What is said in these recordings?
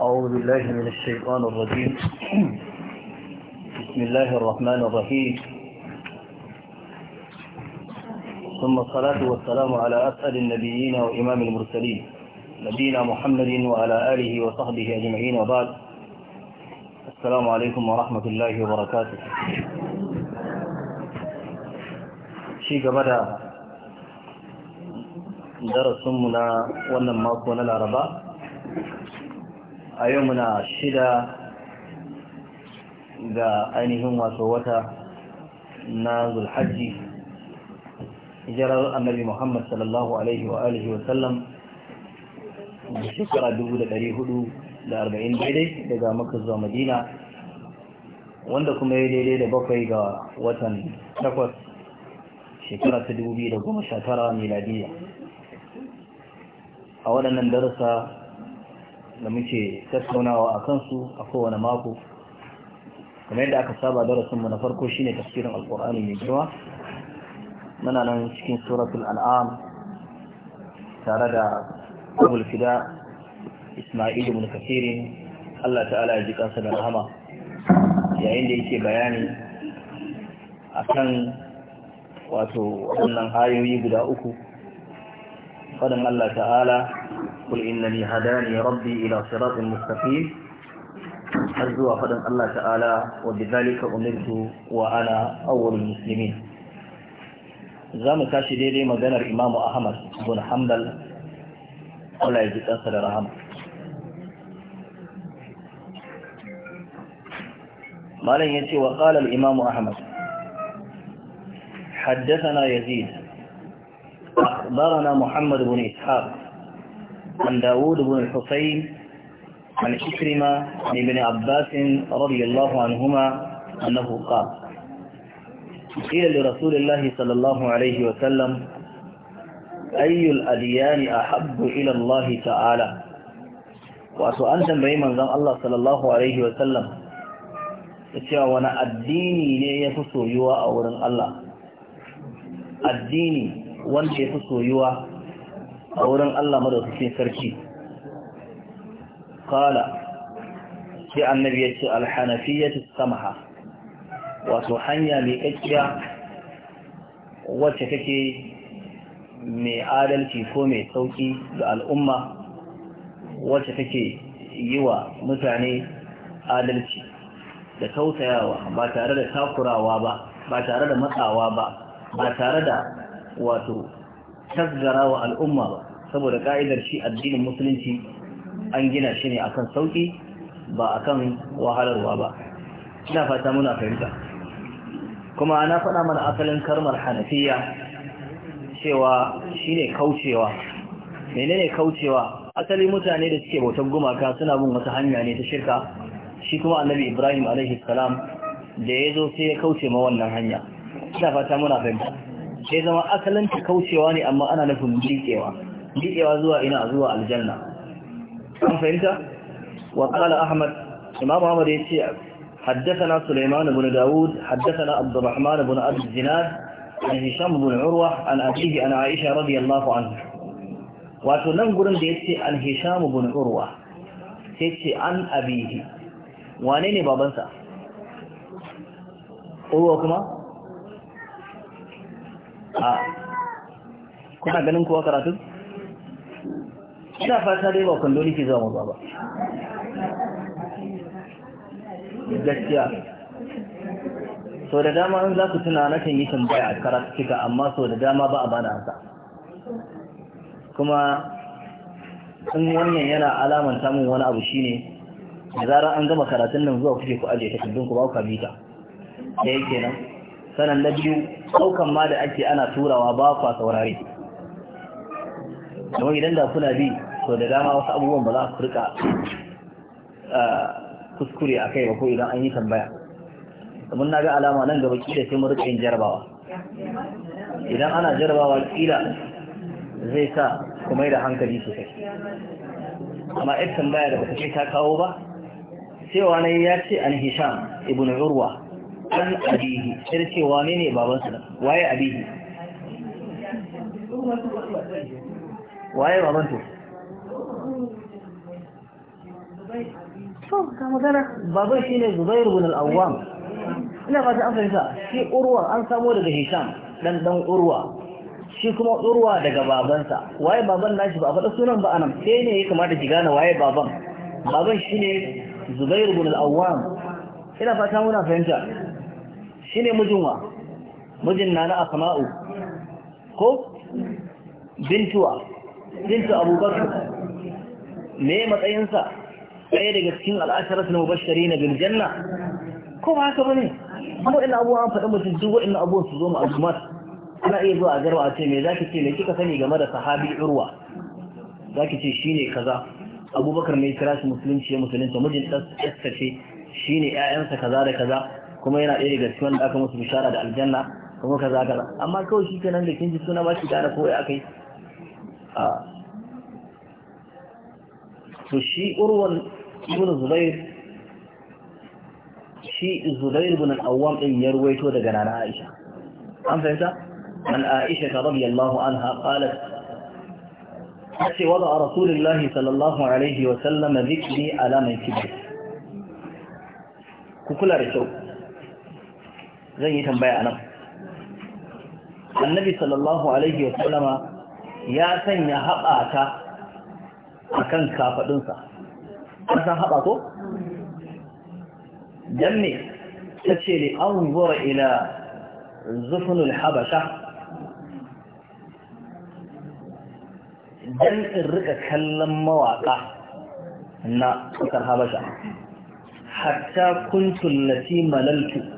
أعوذ بالله من الشيطان الرجيم بسم الله الرحمن الرحيم ثم الصلاة والسلام على أسأل النبيين وإمام المرسلين نبينا محمد وعلى آله وصحبه أجمعين وبعد السلام عليكم ورحمة الله وبركاته شيء بدأ درسنا كنا العرباء a yau muna shida ga ainihin wato wata na zulhajji hijirar annabi muhammad sallallahu alaihi wa alihi wa sallam da shekara arba'in daidai daga maka zuwa madina wanda kuma ya daidai da bakwai ga watan takwas shekara ta 2019 miladiya a waɗannan darasa da muke tattaunawa a kansu a kowane mako kamar yadda aka saba darasinmu na farko shine tafsirin alkur'ani mai girma muna nan cikin suratul al'am tare da abul fida isma'il ibn kafirin Allah ta'ala ya ji kansa da rahama yayin da yake bayani akan wato wannan hayoyi guda uku fadin Allah ta'ala قل إنني هداني ربي إلى صراط مستقيم أرجو أخذ الله تعالى وبذلك أمرت وأنا أول المسلمين زام كاشي دي مدنر الإمام أحمد بن حنبل الله يجد أنصر رحمه ما لن يتي وقال الإمام أحمد حدثنا يزيد أخبرنا محمد بن إسحاق عن داود بن الحسين عن إكرمة عن ابن عباس رضي الله عنهما أنه قال قيل لرسول الله صلى الله عليه وسلم أي الأديان أحب إلى الله تعالى وأسؤال تنبعي من ذن الله صلى الله عليه وسلم cewa wani addini ne ya fi soyuwa a wurin Allah addini wanda ya fi soyuwa a wurin Allah madaukakin sarki kala si annabi ya ce alhanafiyyatu samaha wato hanya mai kakkiya wacce take mai adalci ko mai sauki ga al'umma wacce take yi wa mutane adalci da tausayawa ba tare da takurawa ba ba tare da matsawa ba ba tare da wato tasgara wa al'umma ba saboda ka'idar shi addinin musulunci an gina shi ne akan sauki ba akan wahalarwa ba ina fata muna fahimta kuma na faɗa mana asalin karmar hanafiya cewa shine kaucewa menene kaucewa asali mutane da suke bautar gumaka suna bin wata hanya ne ta shirka shi kuma annabi ibrahim alaihi salam da ya zo sai ya kauce ma wannan hanya ina fata muna fahimta sai zama asalin ta kaucewa ne amma ana nufin miƙewa liƙewa zuwa ina zuwa aljanna an fahimta wa qala ahmad imam ahmad yace حدثنا سليمان بن داود حدثنا عبد الرحمن بن أبي الزناد عن هشام بن عروة عن أبيه عن عائشة رضي الله عنه وتنم قرن ديتي عن هشام بن عروة تيتي عن أبيه وانيني بابنسا عروة كما آه. كنا قنن كوا كراتب ina fata dai ba kwando nake zuwa maza ba gaskiya sau da dama in za ku tuna na kan yi tambaya a karatuka amma sau da dama ba a bana haka kuma in wannan yana alamanta min wani abu shine da zarar an gama karatun nan zuwa kuke ku ajiye takardun ku ba ku kamita da yake nan sanan na biyu ɗaukan ma da ake ana turawa ba kwa saurare don idan da kuna bi so da dama wasu abubuwan ba za su rika kuskure a kai ba ko idan an yi tambaya domin na ga alama nan gaba kila sai mu rika yin jarabawa idan ana jarabawa kila zai sa kuma da hankali sosai amma yar tambaya da ba ta ce ta kawo ba cewa ne ya ce an hisham ibn urwa an abihi sai ce cewa ne ne sa waye abihi waye sa to magana baban shi ne zubairu bin al'awwam ina ba ta amfanta shi urwa an samo daga hisham dan dan urwa shi kuma urwa daga babansa waye baban nashi ba a faɗa sunan ba anan sai ne ya kamata ki gane waye baban baban shi ne zubairu bin al'awwam ina fata muna fahimta shi ne mijinwa mijin na na sama'u. ko bintuwa bintu abubakar me matsayinsa ɗaya daga cikin al'asharar na mubashari na biljanna ko ba haka ne kuma ina abuwa an faɗa mutum duk wa'in abuwa su zo ma'azumar ana iya zuwa a garwa a ce me zaki ce me kika sani game da sahabi urwa zaki ce shine kaza abubakar mai kira shi musulunci ya musulunta mijin ɗansa ce shine ƴaƴansa kaza da kaza kuma yana ɗaya daga cikin wanda aka musu bishara da aljanna kuma kaza kaza amma kawai shi kenan da kin ji suna ba shi gane ko ya kai? to shi urwan ابن الزبير شيء الزبير بن الأوام إن يروي تودق عن عائشة عن فهذا من عائشة رضي الله عنها قالت حتى وضع رسول الله صلى الله عليه وسلم ذكري على من كبر كل رسول زي تنبيع النبي صلى الله عليه وسلم يا سن يا حقا أكن كافة دنسا أرسى هبطه دمي تتشيلي أنظر إلى زفن الحبشة دم إرقى كلم مواقع نا تكر هبشة حتى كنت التي مللت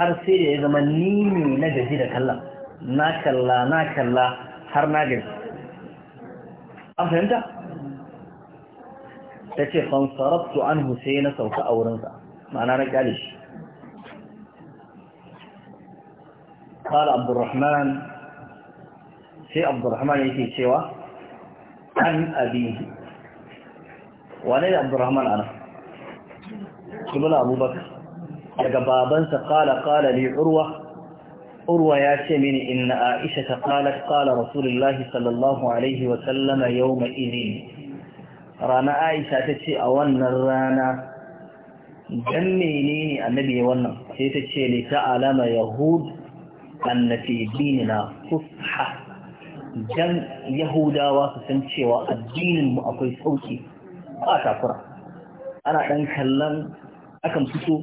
har sai da ya zama nini na gaji da ta ce fansarabtu an sai na sauka a ma'ana na kyale shi قال عبد الرحمن sai abdurrahman yake cewa an abihi wane ne abdurrahman ana ibn abubakar daga babansa kala kala li urwa urwa ya ce mini inna aisha ta kala kala rasulullahi sallallahu alaihi wasallama yau ma'izini rana aisha ta ce a wannan rana dan ne annabi ya wannan sai ta ce ne ta alama yahud annafi na fusha dan yahudawa su san cewa addinin mu akwai sauki ba takura ana dan kallon akan fito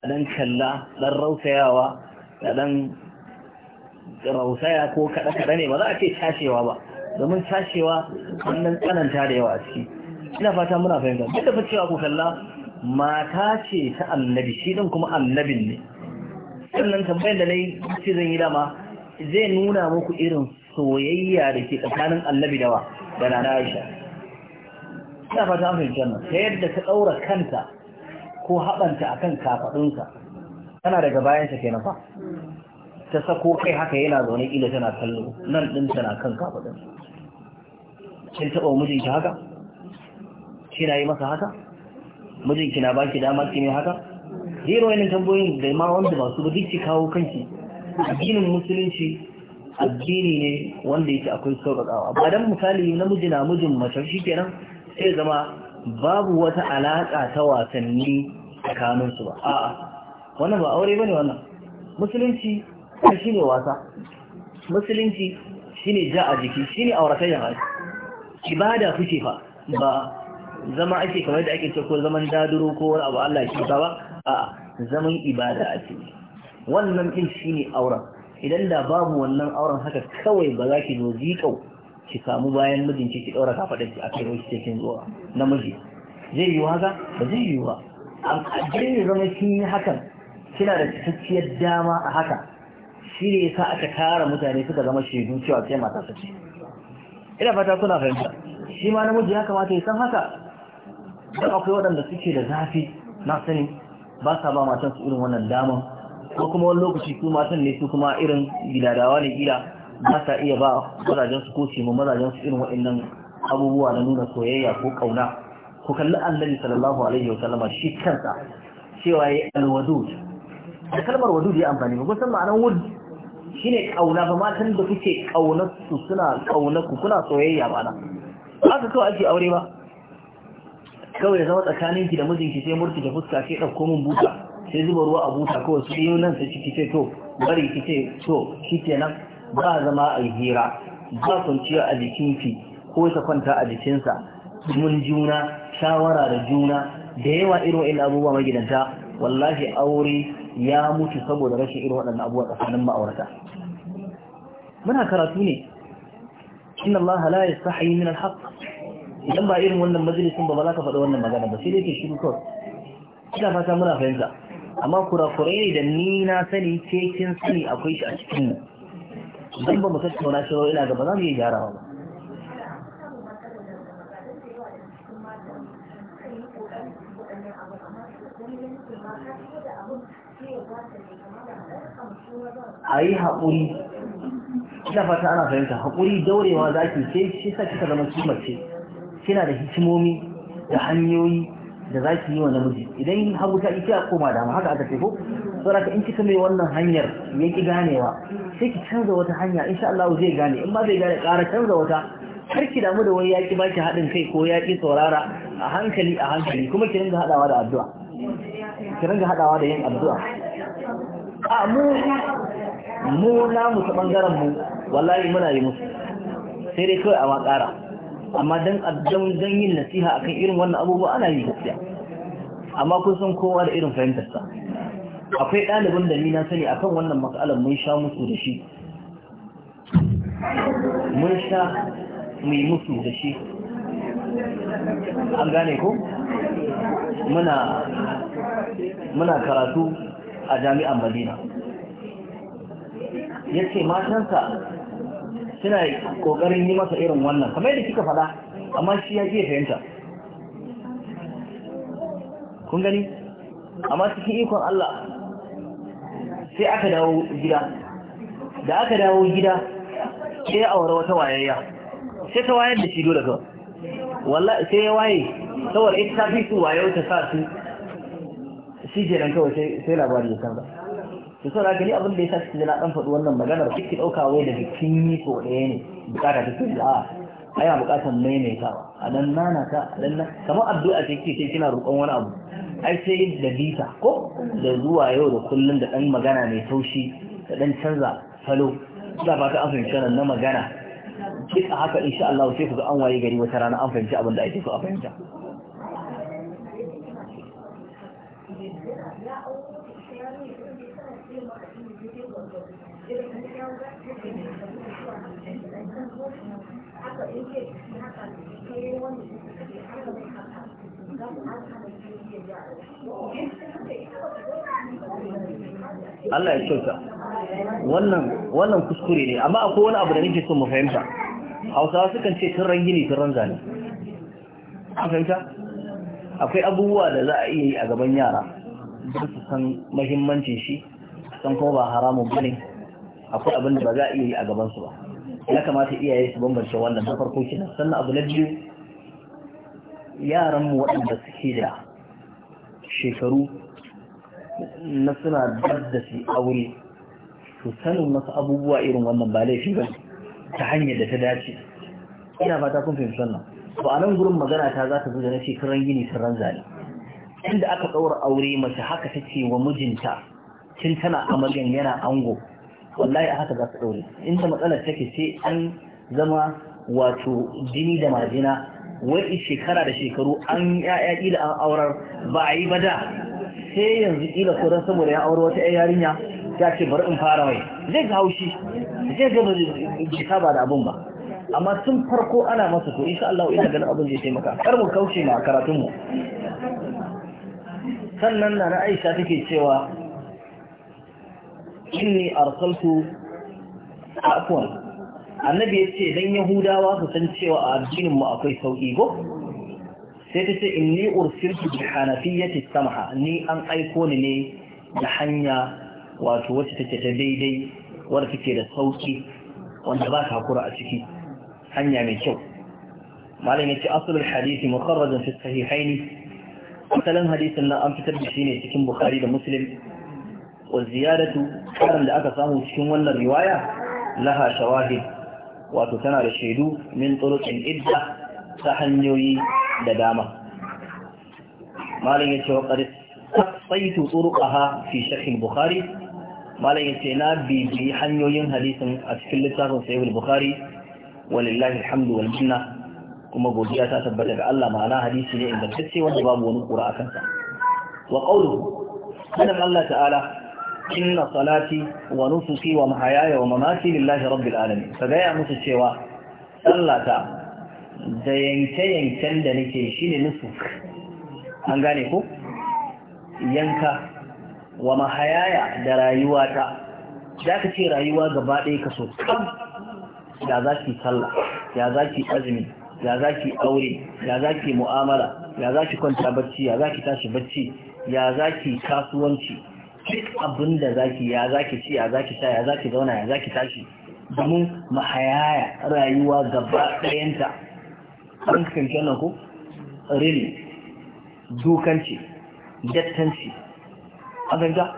a dan kalla dan rausayawa da rausaya ko kada kada ne ba za a ce cashewa ba domin tashewa wannan tsananta da yawa a ciki ina fata muna fahimta duk da fa cewa ku kalla mata ce ta annabi shi din kuma annabin ne sannan tambayar da nayi shi zan yi dama zai nuna muku irin soyayya da ke tsakanin annabi dawa da nana Aisha ina fata an fahimta nan ta yadda ta daura kanta ko haɓanta akan kafadunsa tana daga bayansa kenan fa ta sako kai haka yana zaune ila tana kallo nan din tana kan kafadunsa kin taɓa mijinki haka Kina yi masa haka mijinki na baki dama ki haka zero yanin tambayoyin da ma wanda ba su ba dukki ki kawo kanki addinin musulunci addini ne wanda yake akwai sauƙaƙawa ba dan misali namiji na mijin mace shikenan sai zama babu wata alaƙa ta wasanni tsakaninsu ba a'a wannan ba aure bane wannan musulunci shi ne wasa musulunci shine ja a jiki shine auratayya ba ibada kuke fa ba zama ake kamar da ake ko zaman daduro ko wani abu Allah shi ba a zaman ibada a ce wannan din ne auren idan da babu wannan auren haka kawai ba za ki zo zikau ki samu bayan mijinki ki daura kafaɗar ki a kai wani cikin zuwa namiji zai yi haka ba zai yi ba a jirgin zama kin yi hakan kina da cikakkiyar dama a haka shi ne yasa aka tara mutane suka zama shaidu cewa sai mata su ce ina fata kuna fahimta shi ma namiji ya kamata ya san haka don akwai waɗanda suke da zafi na sani ba sa ba matan su irin wannan daman ko kuma wani lokaci su matan ne su kuma irin gidadawa ne gida ba sa iya ba mazajen su ko cimo mazajen su irin waɗannan abubuwa na nuna soyayya ko ƙauna. ko kalli annabi sallallahu alaihi wa sallama shi kansa cewa yi alwadud da kalmar wadud ya amfani ba kusan ma'anar wud ne ƙauna ba matan da kuke ƙaunar su suna ƙaunar ku kuna soyayya ba na haka kawai ake aure ba kawai zama tsakaninki da mijinki sai murki da fuska sai ɗauko min buta sai zuba ruwa a buta kawai su yi nan sai ce to bari ki ce to ba zama a hira ba kwanciya a jikinki ko ta kwanta a jikinsa mun juna shawara da juna da yawa irin wa'in abubuwa magidanta wallahi aure ya mutu saboda rashin irin waɗannan abubuwa tsakanin ma'aurata muna karatu ne inna Allah la yastahi min al-haqq idan ba irin wannan majalisun ba ba za ka faɗi wannan magana ba sai dai ke shiru kawai ina fata muna fahimta amma kurakurai ne da ni na sani ke kin sani akwai shi a cikin mu idan ba mu tattauna shi ina ga ba za mu iya gyarawa ba a yi haƙuri ina fata ana fahimta haƙuri daurewa za ki ce shi sa kika zama kimace kina da hikimomi da hanyoyi da za ki yi wa namiji idan hagu ta ita koma dama haka aka ce ko saboda in kika mai wannan hanyar ya ki ganewa sai ki canza wata hanya insha Allah zai gane in ba bai gane ƙara canza wata har ki damu da wani ya ki baki haɗin kai ko ya ki saurara a hankali a hankali kuma ki ringa haɗawa da addu'a ki ringa haɗawa da yin addu'a a mu mu namu ta bangaren mu wallahi muna yi musu sai dai kawai a ƙara. amma dan dan yin nasiha akan irin wannan abubuwa ana yi gaskiya amma kun san kowa da irin fahimtar akwai ɗalibin da ni na sani akan wannan matsalar mun sha musu da shi mun sha mai musu da shi an gane ko muna muna karatu a jami'an madina ya ce matansa suna kokarin yi masa irin wannan kamar yadda kika faɗa amma shi ya ke fahimta kun gani amma cikin ikon Allah sai aka dawo gida da aka dawo gida sai ya aure wata wayayya sai ta wayar da shi dole ka wallahi sai ya waye saboda ita ta fi su wayo ta sa su shi jiran kawai sai labari ya canza to sai gani abin da ya sa na dan faɗi wannan maganar da ki dauka wai da bikin yi ko ɗaya ne bukata ta cikin da ai a bukatar maimaitawa a dan nana ta a dan kamar addu'a ce kike sai kina roƙon wani abu ai sai da bita ko da zuwa yau da kullun da dan magana mai taushi da dan canza salo da ba ta an fahimci nan na magana duk a haka insha Allah sai ku ga an waye gari wata rana an fahimci abin da ake so a fahimta Allah ya kyauta wannan wannan kuskure ne amma akwai wani abu da nake so mu fahimta Hausawa sukan ce tun ne tun ne an fahimta akwai abubuwa da za a iya yi a gaban yara don su san mahimmancin shi san kuma ba haramun bane akwai abin da ba za a iya yi a gaban su ba ya kamata iyaye su bambance wannan na farko kenan sannan abu na biyu yaran mu waɗanda suke da shekaru na suna dab da su aure to sanin masu abubuwa irin wannan ba laifi ba ta hanyar da ta dace ina fata kun fahimci wannan to a nan gurin magana ta za ta zo da na shekaran gini sun ranzani inda aka ɗaura aure mace haka take wa mijinta tun tana a amaryan yana ango wallahi a haka za su ɗaure in ta matsalar take sai an zama wato jini da majina wai shekara da shekaru an ya'ya ila an aurar ba a yi ba da sai yanzu ila ko saboda ya aure wata yarinya ta ce bari in fara mai zai ga haushi zai ga jika ba da abun ba amma sun farko ana masa to insha Allah ina ganin abin zai taimaka kar mu kauce ma karatun mu sannan na Aisha take cewa inni arsaltu afwan annabi yace dan yahudawa su san cewa a addinin mu akwai sauki go sai ta ce inni ursiltu bi hanafiyyati samha ni an aiko ni ne da hanya wato wacce take ta daidai wadda take da sauki wanda ba ka hakura a ciki hanya mai kyau malam yace asalul hadisi mukarrajan fi sahihaini asalin hadisin nan an fitar da shi ne cikin bukhari da muslim wa ziyadatu karin da aka samu cikin wannan riwaya laha shawahid wato tana da shaidu min turuqin idda ta hanyoyi da dama malam yace wa qad saitu turuqaha fi sharh al-bukhari malam yace na bibi hanyoyin hadisin a cikin littafin sahih al-bukhari walillahi alhamdu wal minna kuma godiya ta tabbata ga Allah ma'ana hadisi ne ingantacce wanda babu wani kura akan sa wa qawluhu Allah ta'ala inna salati wa nusuki wa mahayaya wa mamati lillahi rabbil alamin ka gaya musu cewa sallata da yanke-yanken da nake shine nusuk an gane ko yanka wa mahayaya da rayuwata za ka ce rayuwa gaba ɗaya ka so kam ya za ki sallah ya za ki azumi ya za ki aure ya za ki mu'amala ya za ki kwanta bacci ya za ki tashi bacci ya za ki kasuwanci duk abin da zaki ya zaki ci ya zaki sha ya zaki zauna ya zaki tashi domin mahayaya rayuwa gaba ɗayanta an kanke na ku Rili. dukanci dattanci a ganga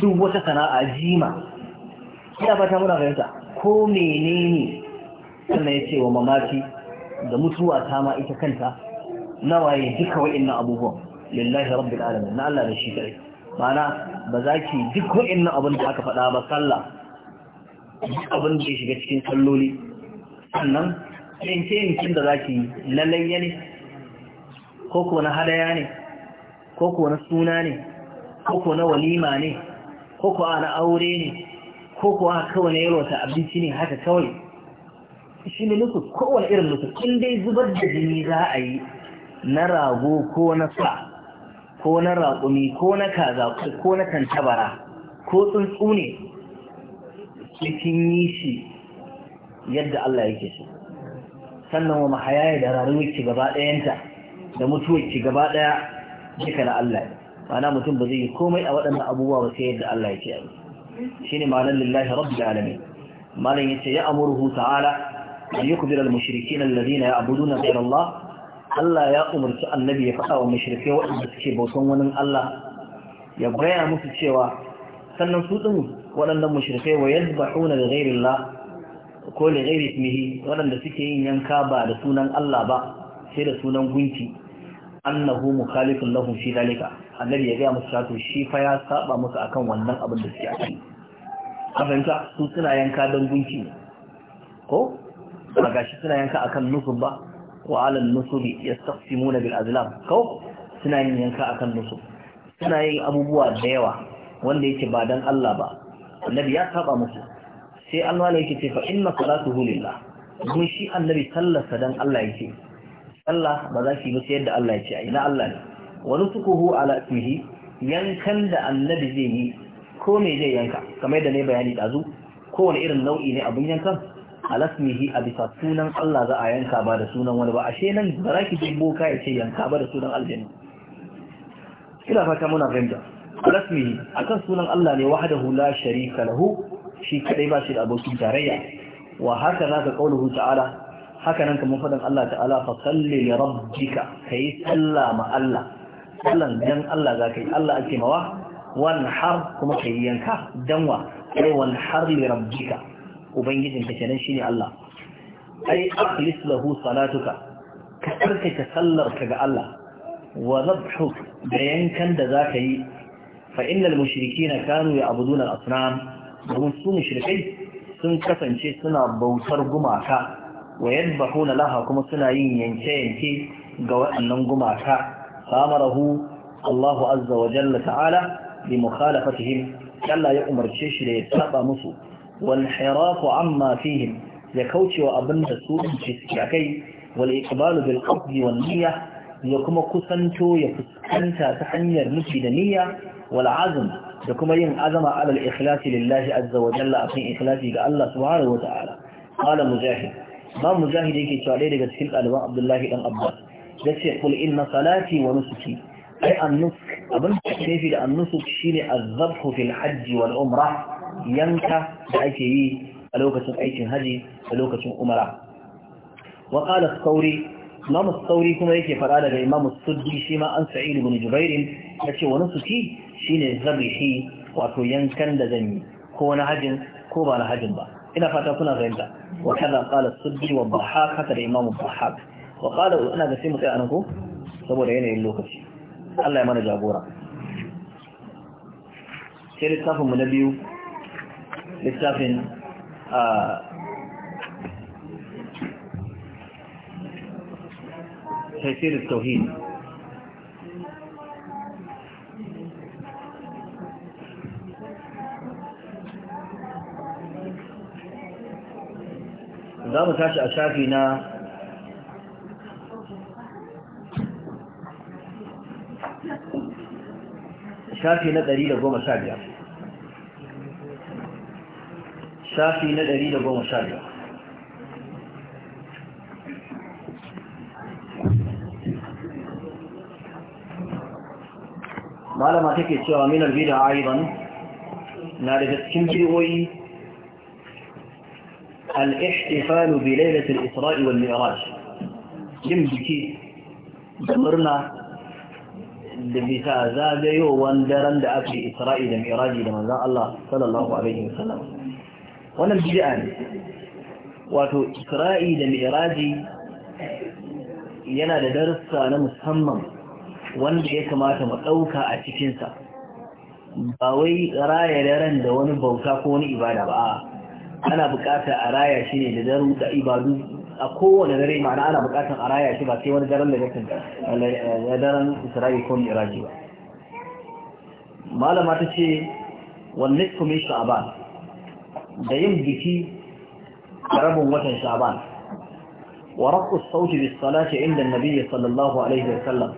duk wata sana'a jima ba fata muna fahimta ko menene sannan ya ce wa mamaki da mutuwa ta ma ita kanta nawaye duka wa'in abubuwan lillahi rabbil alamin na Allah da shi kai mana ba za ki duk wa'annan abin da aka faɗa ba sallah duk abin da ya shiga cikin salloli sannan yanke yankin da za ki yi na layya ne ko ko na hadaya ne ko ko na suna ne ko ko na walima ne ko ko na aure ne ko ko kawai na yarwata abinci ne haka kawai shi ne nufin kowane irin nufin in dai zubar da jini za a yi na rago ko na sa ko na raƙumi ko na kaza ko na tantabara ko tsuntsu ne cikin yi shi yadda Allah yake so sannan wa mahayaya da rarruwarki gaba ɗayanta da mutuwarki gaba ɗaya duka na Allah ma'ana mutum ba zai yi komai a waɗannan abubuwa ba sai yadda Allah yake yi shine ma'anar lillahi rabbil alamin malam yace ya amuruhu ta'ala an yukbira al-mushrikeena alladhina ya'buduna ghayra Allah Allah ya umarci annabi ya faɗa wa mashirkai waɗanda suke bautan wani Allah ya gaya musu cewa sannan su ɗin waɗannan mashirkai wa ƙuna da ghairin ko da ghairin mihi waɗanda suke yin yanka ba da sunan Allah ba sai da sunan gunki annahu mukhalifun lahum fi dalika annabi ya gaya musu cewa shi fa ya saba musu akan wannan abin da suke akai a fahimta su suna yanka don gunki ko ba gashi suna yanka akan nufin ba wa alal nusubi yastaqsimuna bil azlam kau suna yin yanka akan nusu. suna yin abubuwa da yawa wanda yake ba dan Allah ba annabi ya saba musu sai Allah ne yake ce fa inna salatuhu lillah mun shi annabi sallarsa dan Allah yake Sallah! ba za shi ba sai yadda Allah ya ce ai na Allah ne wa nusukuhu ala ismihi yankan da annabi zai yi ko me zai yanka kamar da ne bayani dazu kowane irin nau'i ne abin yankan alasmihi a bisa sunan Allah za a yanka ba da sunan wani ba ashe nan ba za ki je boka ya ce yanka ba da sunan aljanna ina fata muna fahimta alasmihi akan sunan Allah ne wahdahu la sharika lahu shi kadai ba shi da abokin tarayya wa haka za ka kauluhu ta'ala haka nan kamar fadan Allah ta'ala fa salli li rabbika kai salla ma Allah sallan dan Allah za ka yi Allah ake mawa wan har kuma kai yanka danwa kai wan har li rabbika ubangijin ka kenan shine Allah ai akhlis lahu salatuka ka tsarkake sallar ka ga Allah wa zabhuk da yankan da zaka yi fa innal mushrikina kanu ya'buduna al-asnam domin su mushrikai sun kasance suna bautar gumaka wa yadbahuna laha kuma suna yin yanke-yanke ga waɗannan gumaka samarahu Allahu azza wa jalla ta'ala bi mukhalafatihi Allah ya umarce shi da ya saba musu والحراف عما فيهم يكوشي وأبن سوء شكاكي والإقبال بالقصد والنية يكما كسنتو يكسنتا تحنير نفي دنية والعزم يكما ين عزم على الإخلاص لله عز وجل أبن إخلاصي كالله سبحانه وتعالى قال مجاهد ما مجاهد يكي تعليل كتفل ألوان عبد الله بن أباس يكي قل إن صلاتي ونسكي أي النسك أبن كيفي لأن النسك شيني الذبح في الحج والعمرة yanka da ake yi a lokacin aikin haji da lokacin umara wa sauri imam sauri kuma yake fara daga imam suddi shi ma an sa'id ibn jubair yace wani suki shine zabihi wato yankan da zan yi ko na hajin ko ba na hajin ba ina fata kuna fahimta wa kaza qala suddi wa bahaq haka da imam bahaq wa qala ana ga sai mu tsaya anan ko saboda yanayin lokaci Allah ya mana jagora sai littafin mu na biyu littafin a tafsirin tauhid za mu tashi a shafi na shafi na 115 shafi na 115 malama take cewa minar bida aiban na daga cikin biyoyi al-ihtifalu bi lailatul isra'i wal mi'raj yin biki da murna da bisa zagayowar daren da ake isra'i da miraji da manzan Allah sallallahu Alaihi wasallam wannan bid'a ne wato isra'i da mi'raji yana da darussa na musamman wanda ya kamata mu ɗauka a cikinsa ba wai raya daren da wani bauta ko wani ibada ba ana bukata a raya shi ne da daru da ibadu a kowane dare ma'ana ana bukatar a raya shi ba sai wani daren da ya eh, daren isra'i ko mi'raji ba malama ta ce wannan kuma sha'aban da yin biki a rabin watan sha'ban wa raqqus sauti bis salati inda annabi sallallahu alaihi wa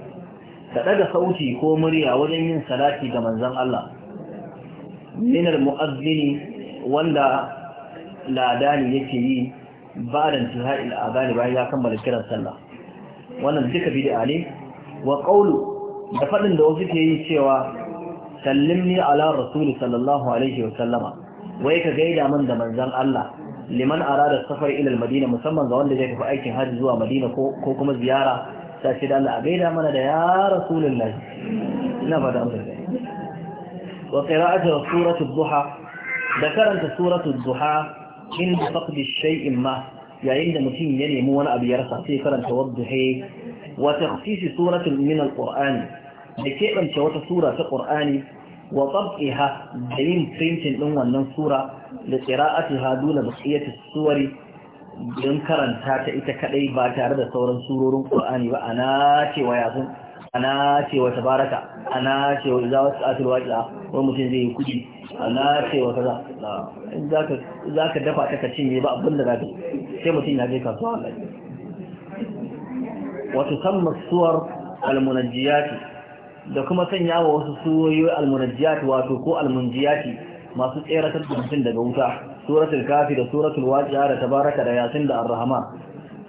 da daga sauti ko murya wajen yin salati ga manzon Allah min al mu'azzini wanda ladani yake yi ba da al adani bayan ya kammala kiran sallah wannan duka bid'a ne wa qawlu da fadin da wasu ke yi cewa sallimni ala rasul sallallahu alaihi wai ka gaida man da manzon Allah liman arada safar ila madina musamman ga wanda zai tafi aikin hajji zuwa madina ko kuma ziyara ta ce da Allah a gaida mana da ya rasulullahi ina ba da amsa wa qira'atu suratu duha da karanta suratu duha in faqdi shay'in ma yayin da mutum ya nemi wani abu ya rasa sai karanta wadduhe wa takhsis suratun min da keɓance wata sura ta qur'ani wa tsab'iha da yin printing ɗin wannan sura da tsira a ƙira'atuha duna baqiyatu suwari don karanta ta ita kadai ba tare da sauran surorin Qur'ani ba ana cewa yasin ana cewa tabaraka ana cewa su wasa'atul waqi'a wani mutum zai yi kuɗi ana cewa kaza za, zaka zaka dafa ta ka cinye ba abin da zaka sai mutum ya je kasuwa wallahi wa tusamma suwar al-munajjiyati da kuma sanya wa wasu suwoyi almunajjiyat wato ko almunjiyati masu tsere da mutum daga wuta suratul kafi da suratul waqi'a da tabaraka da yasin da arrahama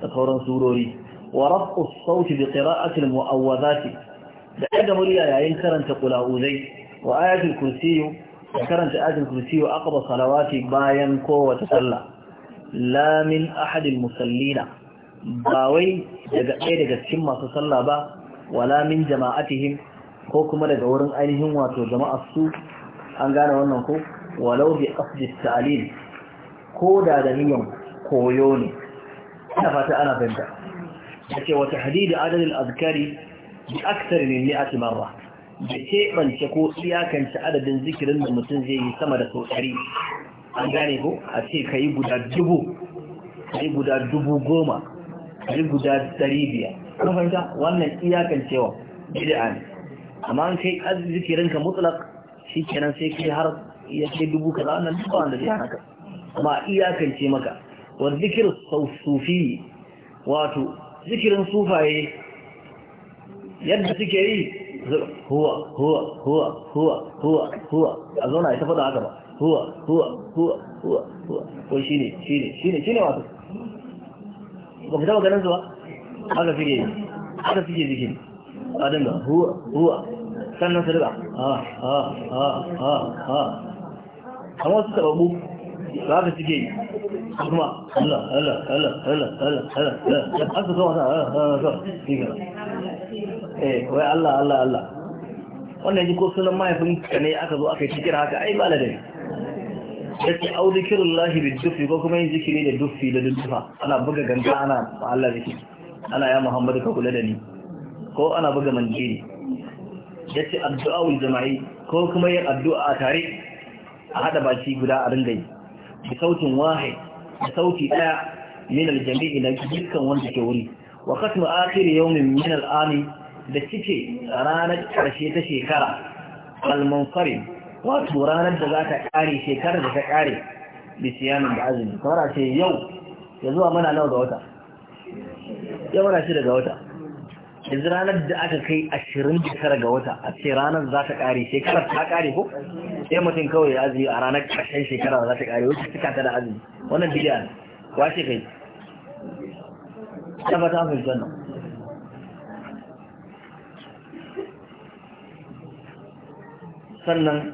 da sauran surori wa raf'u sauti bi qira'ati almu'awwazati da daga murya yayin karanta qula'uzai wa ayatul kursiyu da karanta ayatul kursiyu aqba salawati bayan kowace sallah la min ahadil musallina ba wai daga ɗaya daga cikin masu sallah ba wala min jama'atihim ko kuma daga wurin ainihin wato jama'a su an gane wannan ko walau bi qasdi ta'lim ko da da niyan koyo ne ina fata ana fahimta yace wa tahdid adad al-azkari bi akthar min 100 marra da bance ko iyakance adadin zikirin da mutum zai yi sama da sau ɗari an gane ko a ce ka yi guda dubu ka yi guda dubu goma ka yi guda ɗari biyar kuma fahimta wannan iyakancewa bid'a ne amma an kai zikirinka mutlak shi kenan sai kai har ya kai dubu a nan dubu wanda zai haka amma iyakance maka wa zikir sufi wato zikirin sufaye yadda suke yi huwa huwa huwa huwa huwa huwa a zauna ya tafi da haka ba huwa huwa huwa huwa huwa ko shine shine shine shine wato ba ku taba ganin zuwa haka suke yi haka suke zikiri a dinga huwa huwa sannan su riga ha ha ha ha ha kama wasu sababu ba ka suke yi kuma Allah Allah Allah Allah Allah Allah Allah aka zo wata Allah Allah Allah eh wai Allah Allah Allah wannan ji ko sunan mahaifin ka ne aka zo aka yi cikin haka ai ba ladai yace au zikrullahi dufi ko kuma yin zikiri da dufi da dufa ana buga ganta ana Allah zikiri ana ya Muhammadu ka kula da ni ko ana buga manjiri ya ce addu'a wul jama'i ko kuma yin addu'a a tare a haɗa baki guda a ringa yi da sautin wahai da sauti ɗaya minar jami'i, na dukkan wanda ke wuri wa katma akhir yawmin min Ami, da cike ranar ƙarshe ta shekara al farin, wato ranar da za ta ƙare shekarar da ta ƙare da siyanin da azumi kamar a ce yau ya zuwa mana nawa ga wata yau mana shida ga wata yanzu ranar da aka kai ashirin da tara ga wata a ce ranar za ta ƙare shekarar ta ƙare ko sai mutum kawai ya azumi a ranar ƙarshen shekara za ta ƙare wata suka ta da azumi wannan bidiya ne ce kai ta fata mai wannan sannan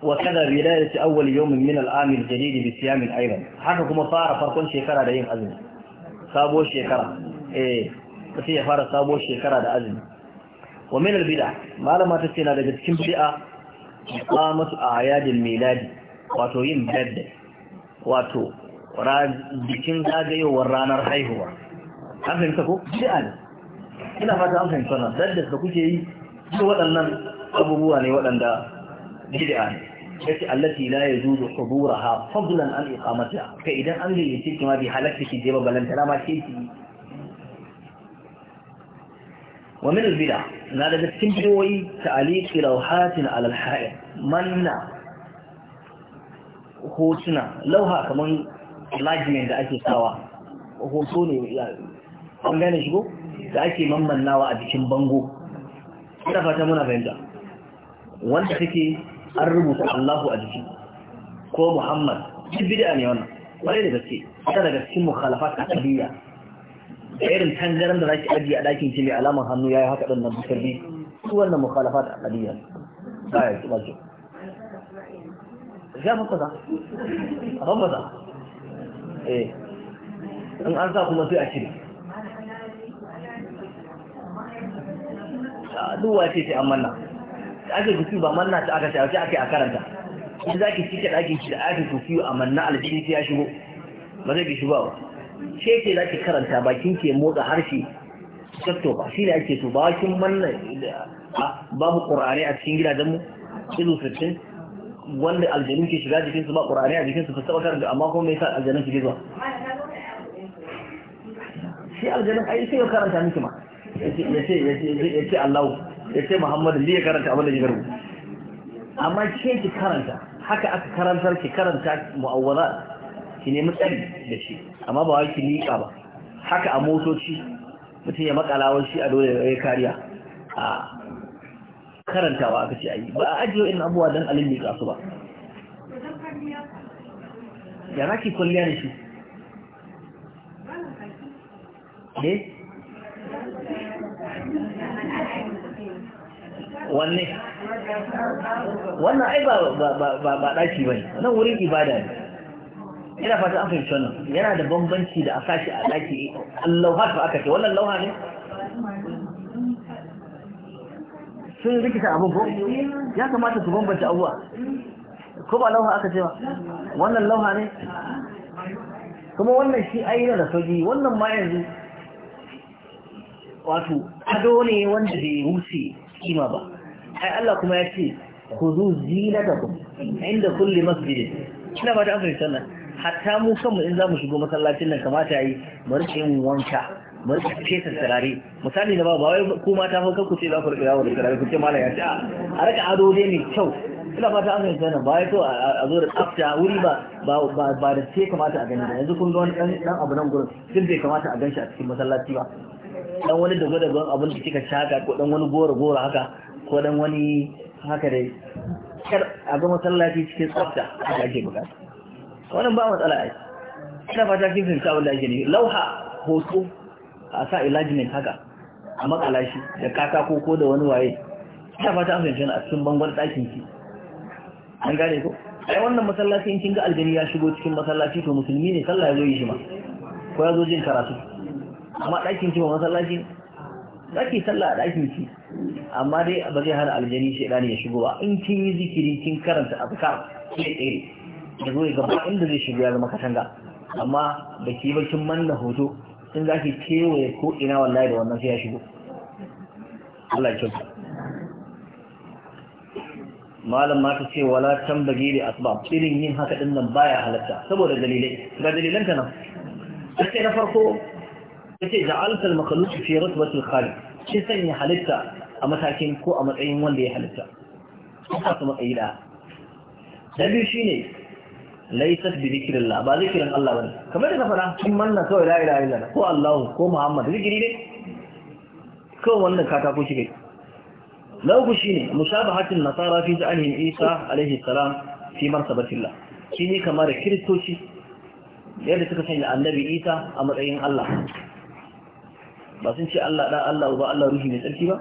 wa kada bidayat awwal yawmin min al-am al-jadid bi siyam aidan haka kuma fara farkon shekara da yin azumi sabo shekara eh mutum ya fara sabuwar shekara da azumi wa min albid'a malama ta ce na daga cikin bid'a a yadin miladi wato yin birthday wato bikin zagayowar ranar haihuwa an fahimta ko bid'a ne ina fata an fahimta wannan birthday da kuke yi duk waɗannan abubuwa ne waɗanda bid'a ne yace allati la yajuzu huduraha fadlan an iqamatiha kai idan an gayyace ki ma bi halakta ki je ba balantana ma ke ki ومن البدع هذا التنبوي تعليق لوحات على الحائط منع hotuna lauha kamar lajimin da ake sawa hoto ne an gane shigo da ake mammanawa a jikin bango ina fata muna fahimta wanda take an rubuta Allahu a jiki ko Muhammad duk bid'a ne wannan kwarai da gaske ta daga cikin mukhalafat akadiyya da irin tangaren da zaki ajiye a dakin ki mai alamar hannu yayi haka ɗan nan bukar bi su wannan mukhalafat aqdiyya ba ya ci baje ya fa kaza a ban eh in an sa kuma sai a cire ah, duwa ce sai an manna ake gufi ba manna ta aka shafi ake a karanta in za ki cike ɗakin ki da ake gufi a manna aljini ya shigo ba zai ki shigo ba ce ke za ki karanta bakin ke motsa harshe sakto ba shi ne ake so ba kin wannan babu qur'ani a cikin gidajen mu izu sittin wanda aljanu ke shiga jikin su ba qur'ani a jikin su fasta bakar da amma kuma me yasa aljanu ke zuwa shi aljanu ai sai ya karanta miki ma Ya ce Allah ya ce Muhammadu ya karanta abin da ya garbu amma ke ki karanta haka aka karantar ki karanta mu'awwaza ki nemi tsari da shi amma ba wai ki liƙa ba haka a motoci mutum ya makalawar shi a dole ya kariya a karantawa aka ce ayi ba a ajiye in abuwa don alin liƙa su ba ya za ki kwalliya da shi ne wanne wannan ai ba ɗaki ba ne nan wurin ibada ne ina fata an fahimci wannan yana da bambanci da a sashi a ɗaki allauha ta aka ce wannan lauha ne sun rikita abin ko ya kamata su bambanta abuwa ko ba lauha aka ce ba wannan lauha ne kuma wannan shi ai yana da soji wannan ma yanzu wato ado ne wanda bai wuce kima ba ai Allah kuma ya ce ku zu zinatakum inda kulli masjid ina ba ta afirka sannan hatta mu kanmu in za mu shigo masallacin nan kamata yi bari ki yin wanka bari ki fesa turare misali na ba ba wai ku mata fa kanku ce za ku rika da turare ku ce malam ya ce a rika ado dai mai kyau ina fata an fahimta nan ba ya to a zo da tsafta wuri ba ba ba da ce kamata a gani ba yanzu kun ga wani dan dan abu nan gurin duk bai kamata a ganshi a cikin masallaci ba dan wani dago dago abin da kika shaka ko dan wani goro goro haka ko dan wani haka dai kar a ga masallaci cikin tsafta ake bukata wannan ba matsala ai ina fata kin fahimta abin da ne lauha hoto a sa ilajinin haka a makala shi da katako ko da wani waye ina fata an fahimta a cikin bangon ɗakin ki an gane ko ai wannan masallaci in kin ga aljini ya shigo cikin masallaci to musulmi ne sallah ya zo yi shi ma ko ya zo jin karatu amma ɗakin ki ba masallaci za ki sallah a ɗakin ki amma dai ba zai hana aljani ne ya shigo ba in kin yi zikiri kin karanta azkar sai ɗaya. da zo gaba inda zai shiga ya zama katanga amma da ke bakin manna hoto in za ki kewaye ko ina wallahi da wannan sai ya shigo Allah ya kyauta malam ma ta ce wala bage da asbab irin yin haka din nan baya halatta saboda dalilai ga dalilan ta nan sai na farko yace ja'alta al-makhluq fi ratbati al-khaliq shi sanya halitta a matakin ko a matsayin wanda ya halitta haka kuma matsayi da na shine laysat bi zikrillah ba zikirin Allah bane kamar da na fara kin manna kawai la ilaha illallah ko Allahu ko Muhammad zikiri ne kawai wannan katako shi kai lauku shine musabahatin nasara fi ja'alihim Isa alaihi salam fi martabatillah shine kamar kiristoci yadda suka sanya annabi Isa a matsayin Allah ba sun ce Allah da Allah ba Allah ruhi ne tsarki ba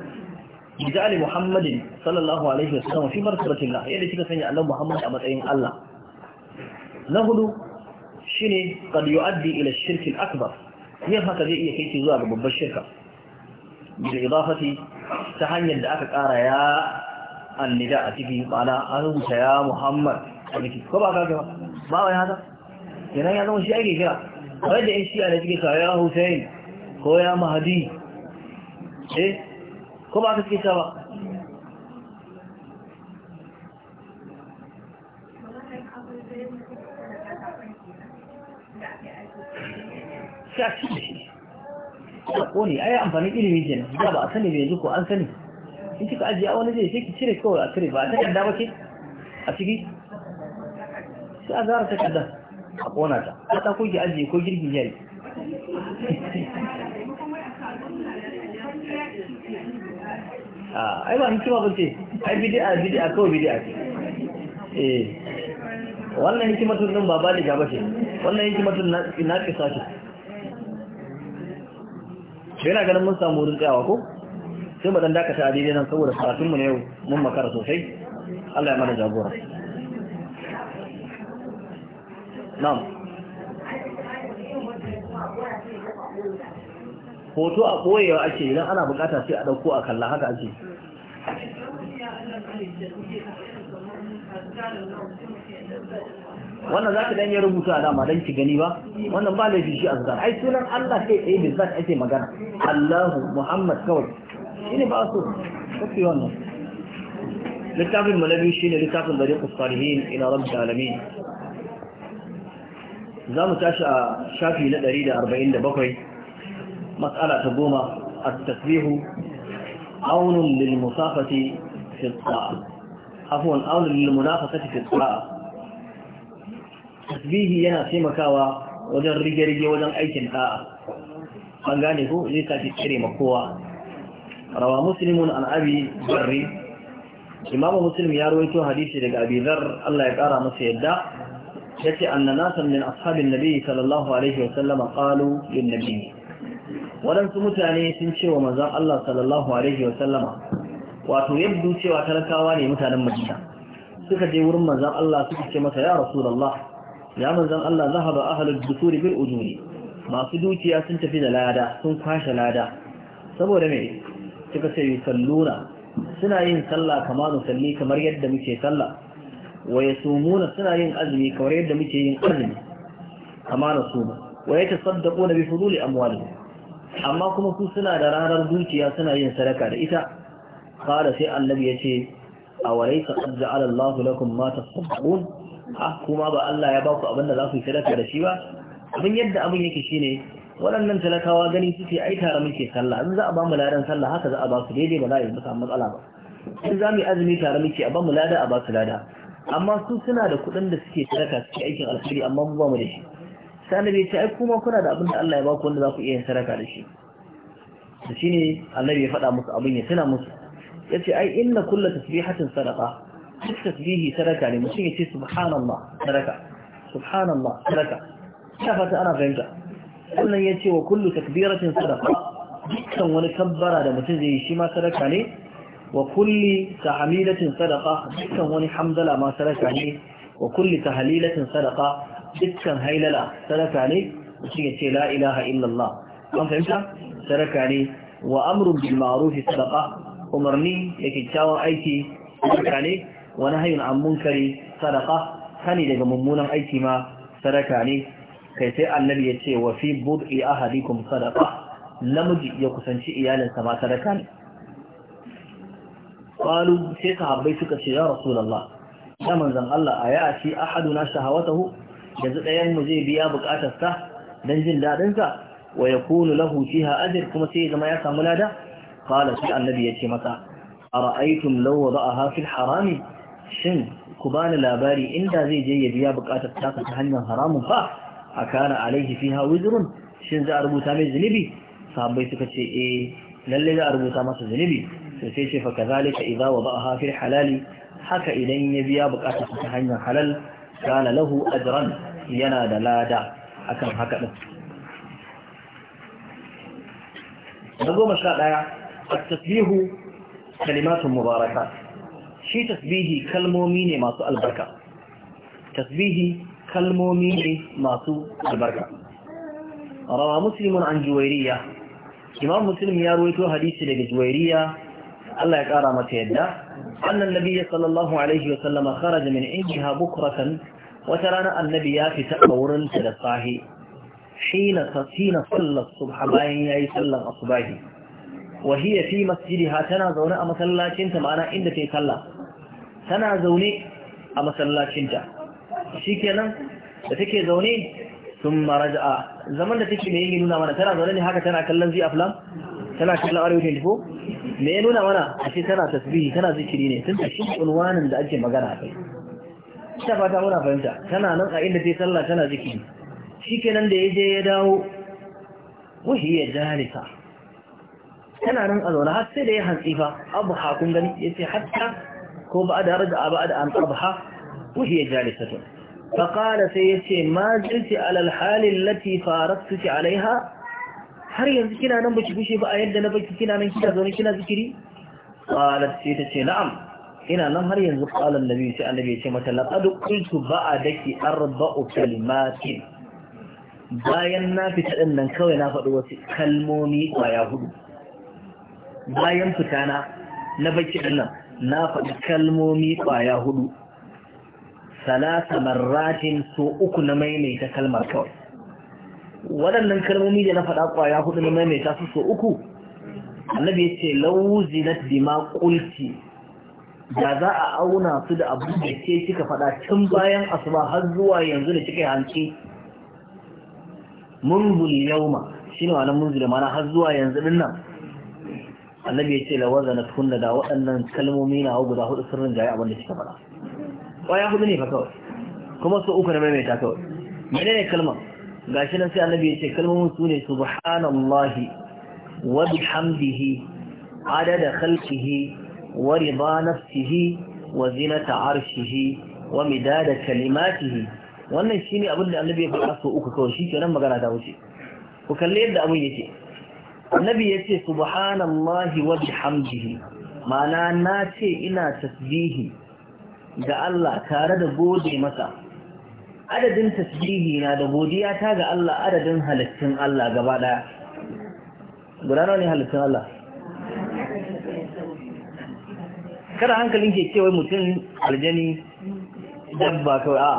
bijali Muhammadin sallallahu alaihi wasallam fi martabatillah yadda suka sanya annabi Muhammad a matsayin Allah نغلو شنو قد يؤدي الى الشرك الاكبر هي هكذا هي كيف يزور باب الشركه بالاضافه تهني اللي اكا قرا يا النداء تجي قال انو يا محمد يعني كيف بقى ما هذا يعني يا دون شيء كده وهذا الشيء اللي تجي يا حسين هو يا مهدي ايه كما تجي سوا shafi da shi da kone ai amfanin ilimi kenan da ba a sani bai ji an sani in kika ajiye wani zai sai ki cire kawai a cire ba a takarda ba ke? a ciki sai a zara takarda a kona ta ko ta ko ki ajiye ko girgin yayi a ah, ai ba hikima ba ce ai bid'a bid'a kawai a ce eh wannan hikimatun nan ba ba da gaba ce wannan hikimatun na kisa ce yana ganin mun samu wurin tsayawa ko sai mu dan dakata a daidai nan saboda karatun mu ne yau mun makara sosai Allah ya mana jagora na'am hoto a koyewa ake idan ana bukata sai a dauko a kalla haka ake Thank you. wannan za ka dan ya rubuta dama don ki gani ba wannan ba laifi shi a azkar ai sunan Allah kai tsaye da zan ake magana Allahu Muhammad kawai shine ba su. kafi wannan littafin Malami shi ne littafin dariqus salihin ila rabbil alamin za mu tashi a shafi na 147 mas'ala ta goma a tasbihu aunun lil musafati fi at-ta'a afwan aunun fi at tasbihi yana taimakawa wajen rige-rige wajen aikin da'a an gane ko zai tafi tsere ma kowa rawa muslimun an abi barri imamu muslim ya rawaito hadisi daga abi Allah ya kara masa yadda Ya ce anna nasan min ashabin nabi sallallahu alaihi wa sallama. qalu lin nabi wadansu mutane sun ce wa manzon Allah sallallahu alaihi wa sallama wato yadda cewa talakawa ne mutanen Madina suka je wurin manzon Allah suka ce masa ya rasulullah ya manzan Allah zaha zahaba ahlul dusuri bil ujuri masu dukiya sun tafi da lada sun kwashe lada saboda me kika ce yusalluna suna yin sallah kama musalli kamar yadda muke sallah wa sumuna suna yin azumi kamar yadda muke yin azumi kama nasuma wa yatasaddaquna bi fuduli amwalihim amma kuma su suna da ranar dukiya suna yin sadaka da ita Kada sai annabi ya ce yace awalaysa qad ja'ala Allahu lakum ma tasaddaqun a kuma ba Allah ya ba ku abin za ku yi sadaka da shi ba abin yadda abin yake shine waɗannan talakawa gani suke ai tare muke sallah in za a ba mu ladan sallah haka za a ba su daidai ba za a yi musu matsala ba in za mu yi azumi tare muke a ba mu lada a ba su lada amma su suna da kuɗin da suke sadaka suke aikin alkhairi amma mu ba mu da shi sai ya ce ai kuma kuna da abin da Allah ya ba ku wanda za ku iya yin sadaka da shi da shine annabi ya faɗa musu abin ya tuna musu Ya ce ai inna kullu tasbihatin sadaqa duk tasbihi sadaka ne mutum subhanallah sadaka subhanallah sadaka ta fata fahimta sannan ya ce wa kullu takbiratin sadaka dukkan wani kabbara da mutum zai yi shi ma sadaka ne wa kulli tahmidatin sadaka dukkan wani hamdala ma sadaka ne wa kulli tahlilatin sadaka dukkan hailala sadaka ne mutum ya la ilaha illallah an fahimta sadaka ne wa amrun bil ma'ruf sadaka umarni ya kyakkyawan aiki sadaka ne wa nahyun an munkari sadaka hani daga mummunan aiki ma sadaka ne kai sai annabi ya ce wa fi bud'i ahadikum sadaka namiji ya kusanci iyalinsa ma sadaka ne qalu sai sahabbai suka ce ya rasulullah ya manzon Allah a ya ci ahaduna shahawatahu yanzu ɗayan mu zai biya sa dan jin dadin sa wa yakunu lahu fiha ajr kuma sai zama ya samu lada qala sai annabi ya ce masa ara'aytum law wada'aha fil harami shin ku bani labari inda zai je ya biya bukatar taka ta hanyar haramun fa a kana alaihi fiha wizrun shin za a rubuta mai zunubi sahabbai suka ce eh lalle za a rubuta masa zunubi to sai ce fa kazalika idza wada'aha fil halali haka idan ya biya bukatar ta hanyar halal kana lahu ajran yana da lada akan haka din na goma sha ɗaya a tasbihu kalimatun mubarakat shi tasbihi kalmomi ne masu albarka tasbihi kalmomi ne masu albarka rawa muslimun an juwairiya imam muslim ya ruwaito hadisi daga juwairiya Allah ya kara mata yadda annan nabiyyi sallallahu alaihi wa sallama kharaja min indiha bukratan wata rana annabi ya fita a wurin ta da sahi hina tasina sallar subha bayan yayi sallar asubahi wa hiya fi masjidiha tana zaune a masallacin ta ma'ana inda ta yi tana zaune a masallacinta shikenan da take zaune sun maraja'a zaman da take mai nuna mana tana zaune ne haka tana kallon zai aflam tana kallon arewa 24 me ya nuna mana a shi tana tasbihi tana zikiri ne tun da shi unwanin da ake magana a kai ita fata muna fahimta tana nan a inda ta yi sallah tana zikiri shikenan da ya je ya dawo wahiyya jalisa tana nan a zaune har sai da ya hantsi fa abu hakun gani ya ce hatta ko ba da raja'a ba da an tabha wa hiya jalisatun faqala sai yace ma jilti ala alhali allati farattuki alaiha har yanzu kina nan baki gushe ba a yadda na baki kina nan kina zaune kina zikiri qalat sai tace na'am ina nan har yanzu qala annabi sai annabi ya ce mata laqad qultu ba'daki arba'u kalimatin bayan na fita din nan kawai na faɗi wasu kalmomi kwaya hudu bayan fitana na baki din nan na faɗi kalmomi ƙwaya hudu salasa marratin so uku na maimaita kalmar kawai waɗannan kalmomi da na faɗa ƙwaya hudu na maimaita su so uku annabi ya ce lauzinat dima ƙulti da za a auna su da abu da ke kika faɗa tun bayan asuba har zuwa yanzu da kika hanci munzul yauma shine wannan munzul mana har zuwa yanzu din nan annabi ya ce lawaza na tunna da waɗannan kalmomi na guda hudu sirrin jaye abin da suka faɗa ƙwaya hudu ne fa kawai kuma su uku na maimaita kawai mene ne kalmar gashi nan sai annabi ya ce kalmomin su ne subhanallahi wa bihamdihi adada khalqihi wa rida nafsihi wa zinata arshihi wa midada kalimatihi wannan shine abin da annabi ya faɗa su uku kawai shikenan magana ta wuce ku kalli yadda abin yake annabi ya ce subhanallahi wa bihamdihi mana na ce ina tasbihi ga Allah tare da gode masa adadin tasbihi na da godiya ta ga Allah adadin halittun Allah gaba daya guda nawa ne halittun Allah kada hankalin ke cewa mutum aljani dabba kawai a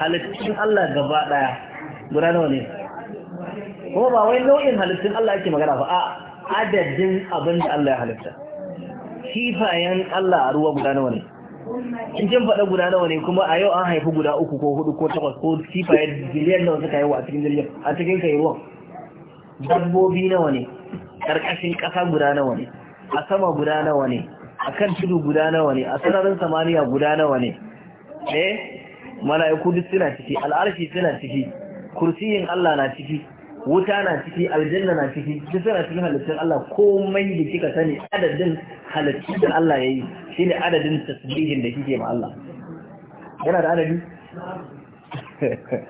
halittun Allah gaba daya guda nawa ne kuma ba wai nau'in halittun Allah yake magana ba a adadin abin da Allah ya halitta kifayen Allah a ruwa guda nawa ne in jin faɗa guda nawa ne kuma a yau an haifi guda uku ko hudu ko takwas ko kifayen biliyan nawa suka haihu a cikin jirgin a cikin kai ruwan dabbobi nawa ne ƙarƙashin ƙasa guda nawa ne a sama guda nawa ne a kan tudu guda nawa ne a sararin samaniya guda nawa ne eh mala'iku duk suna ciki al'arshi suna ciki kursiyin Allah na ciki wuta na ciki aljanna na ciki duk suna cikin halittun Allah komai da kika sani adadin halittun da Allah ya yi shine adadin tasbihin da kike ma Allah yana da adadi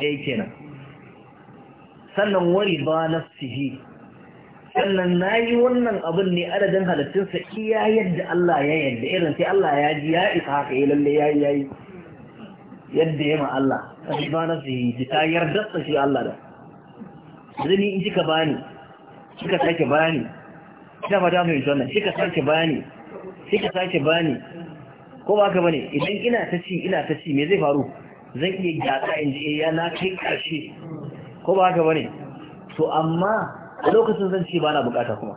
ɗaya kenan sannan wari ba nafsihi sannan na yi wannan abin ne adadin halittunsa iya yadda Allah ya yadda irin sai Allah ya ji ya isa haka ya lalle ya yi yadda ya ma Allah nafsa bi ba nafsi ji ta yarda da shi Allah da zini in ni? bani kika sake bani ba fada mai shi kika sake bani kika sake bani ko ba ka bane idan ina ta ci ina ta ci me zai faru zan iya gyatsa in ji eh, ya na kai karshe ko ba ka bane to amma a lokacin zan ci ba na bukata kuma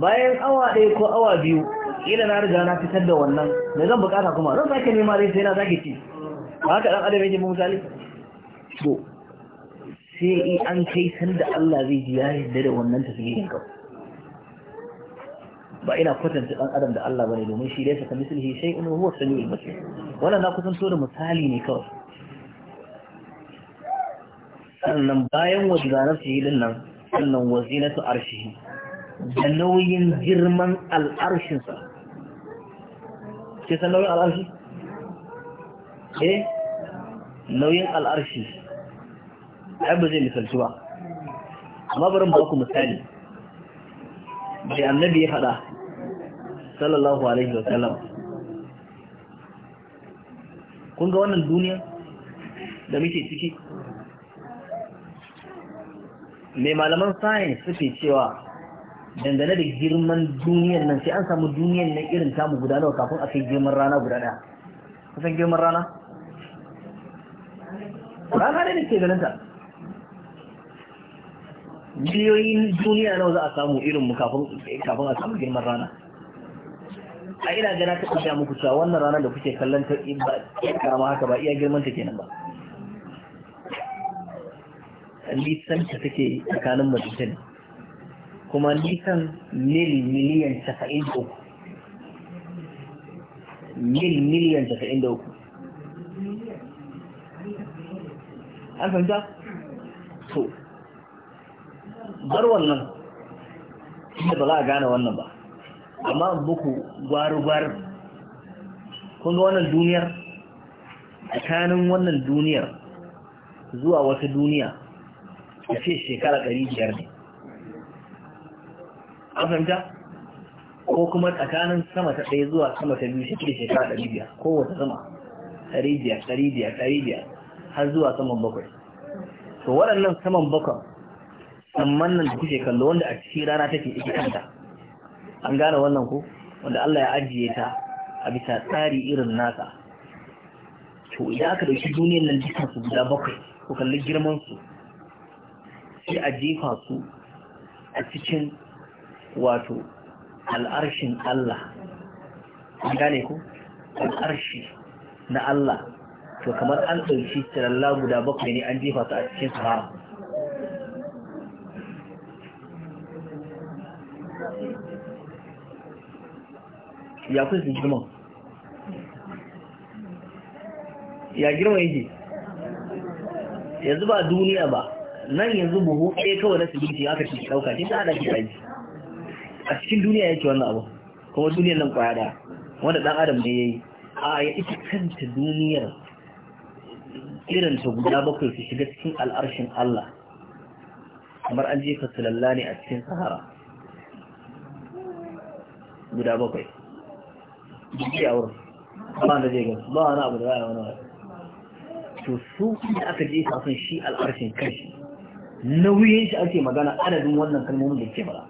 bayan awa ɗaya ko awa biyu ina na riga na fitar da wannan me zan bukata kuma zan sake nema dai sai na zaki ci haka dan adam yake misali to sai an kai sanda Allah zai ji ya yarda da wannan tasbihin ka ba ina kwatanta dan adam da Allah bane domin shi dai saka mislihi shay'un huwa samiul basir wannan na kusanto da misali ne kawai sannan bayan wazanar shi din nan sannan wazinatu arshihi da nauyin girman al'arshinsa ke san nauyin al'arshi eh nauyin al'arshi ai ba zai misalci ba amma barin ba ku misali da annabi ya faɗa sallallahu alaihi wa sallam kun ga wannan duniya da muke ciki mai malaman science suke cewa dangane da girman duniyan nan sai an samu duniyan nan irin tamu guda nawa kafin a kai girman rana guda ɗaya kusan girman rana rana ne ke ganin ta Biyoyin duniya nawa za a samu irin mu kafin a samu girman rana a ina gana ta kusa muku cewa wannan ranar da kuke kallon ta ba karama haka ba iya girman ta kenan ba nisan ta take tsakanin majalisar kuma nisan mil miliyan casa'in da uku mil miliyan casa'in da uku an fahimta to bar wannan inda ba za a gane wannan ba amma in muku gwaru-gwaru kun ga wannan duniyar tsakanin wannan duniyar zuwa wata duniya ya ce shekara ɗari biyar ne an fahimta ko kuma tsakanin sama ta ɗaya zuwa sama ta biyu shi shekara ɗari biyar ko wata sama ɗari biyar ɗari biyar ɗari biyar har zuwa saman bakwai to waɗannan saman bakwai samman nan da kuke kallo wanda a cikin rana take ita kanta an gane wannan ko wanda Allah ya ajiye ta a bisa tsari irin nasa to idan aka dauki duniyar nan dukkan su guda bakwai ko kalli girman su sai a jefa su a cikin wato al'arshin Allah an gane ko al'arshi na Allah to kamar an ɗauki tiralla guda bakwai ne an jefa su a cikin sahara ya kun su girman ya girman yake yanzu ba duniya ba nan yanzu buhu ɗaya kawai na siminti aka cikin ɗauka ce ta hada ki ɗaji a cikin duniya yake wannan abu kuma duniyar nan da wanda ɗan adam ne ya yi a ya ita kanta duniyar irin ta guda bakwai su shiga cikin al'arshin Allah kamar an jefa tulalla ne a cikin sahara guda bakwai jiki a wurin ba da zai gansu ba na abu da za a wani wani to su da aka jefa sun shi al'arshin kashi nauyin shi ake magana adadin wannan kalmomin da ke fara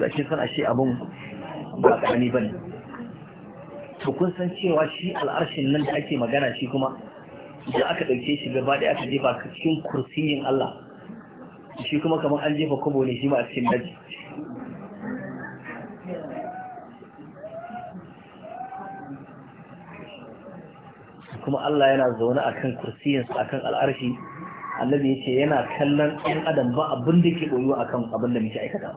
za shi san shi abin ba ƙarami ba ne to kun san cewa shi al'arshin nan da ake magana shi kuma da aka ɗauke shi gaba ɗaya aka jefa cikin kursiyin Allah shi kuma kamar an jefa kobo ne shi ma a cikin daji kuma Allah yana zaune a kan kursiyinsa a kan al'arshi annabi ya ce yana kallon ɗan adam ba abin da ke ɓoyuwa a kan abin da muke aikata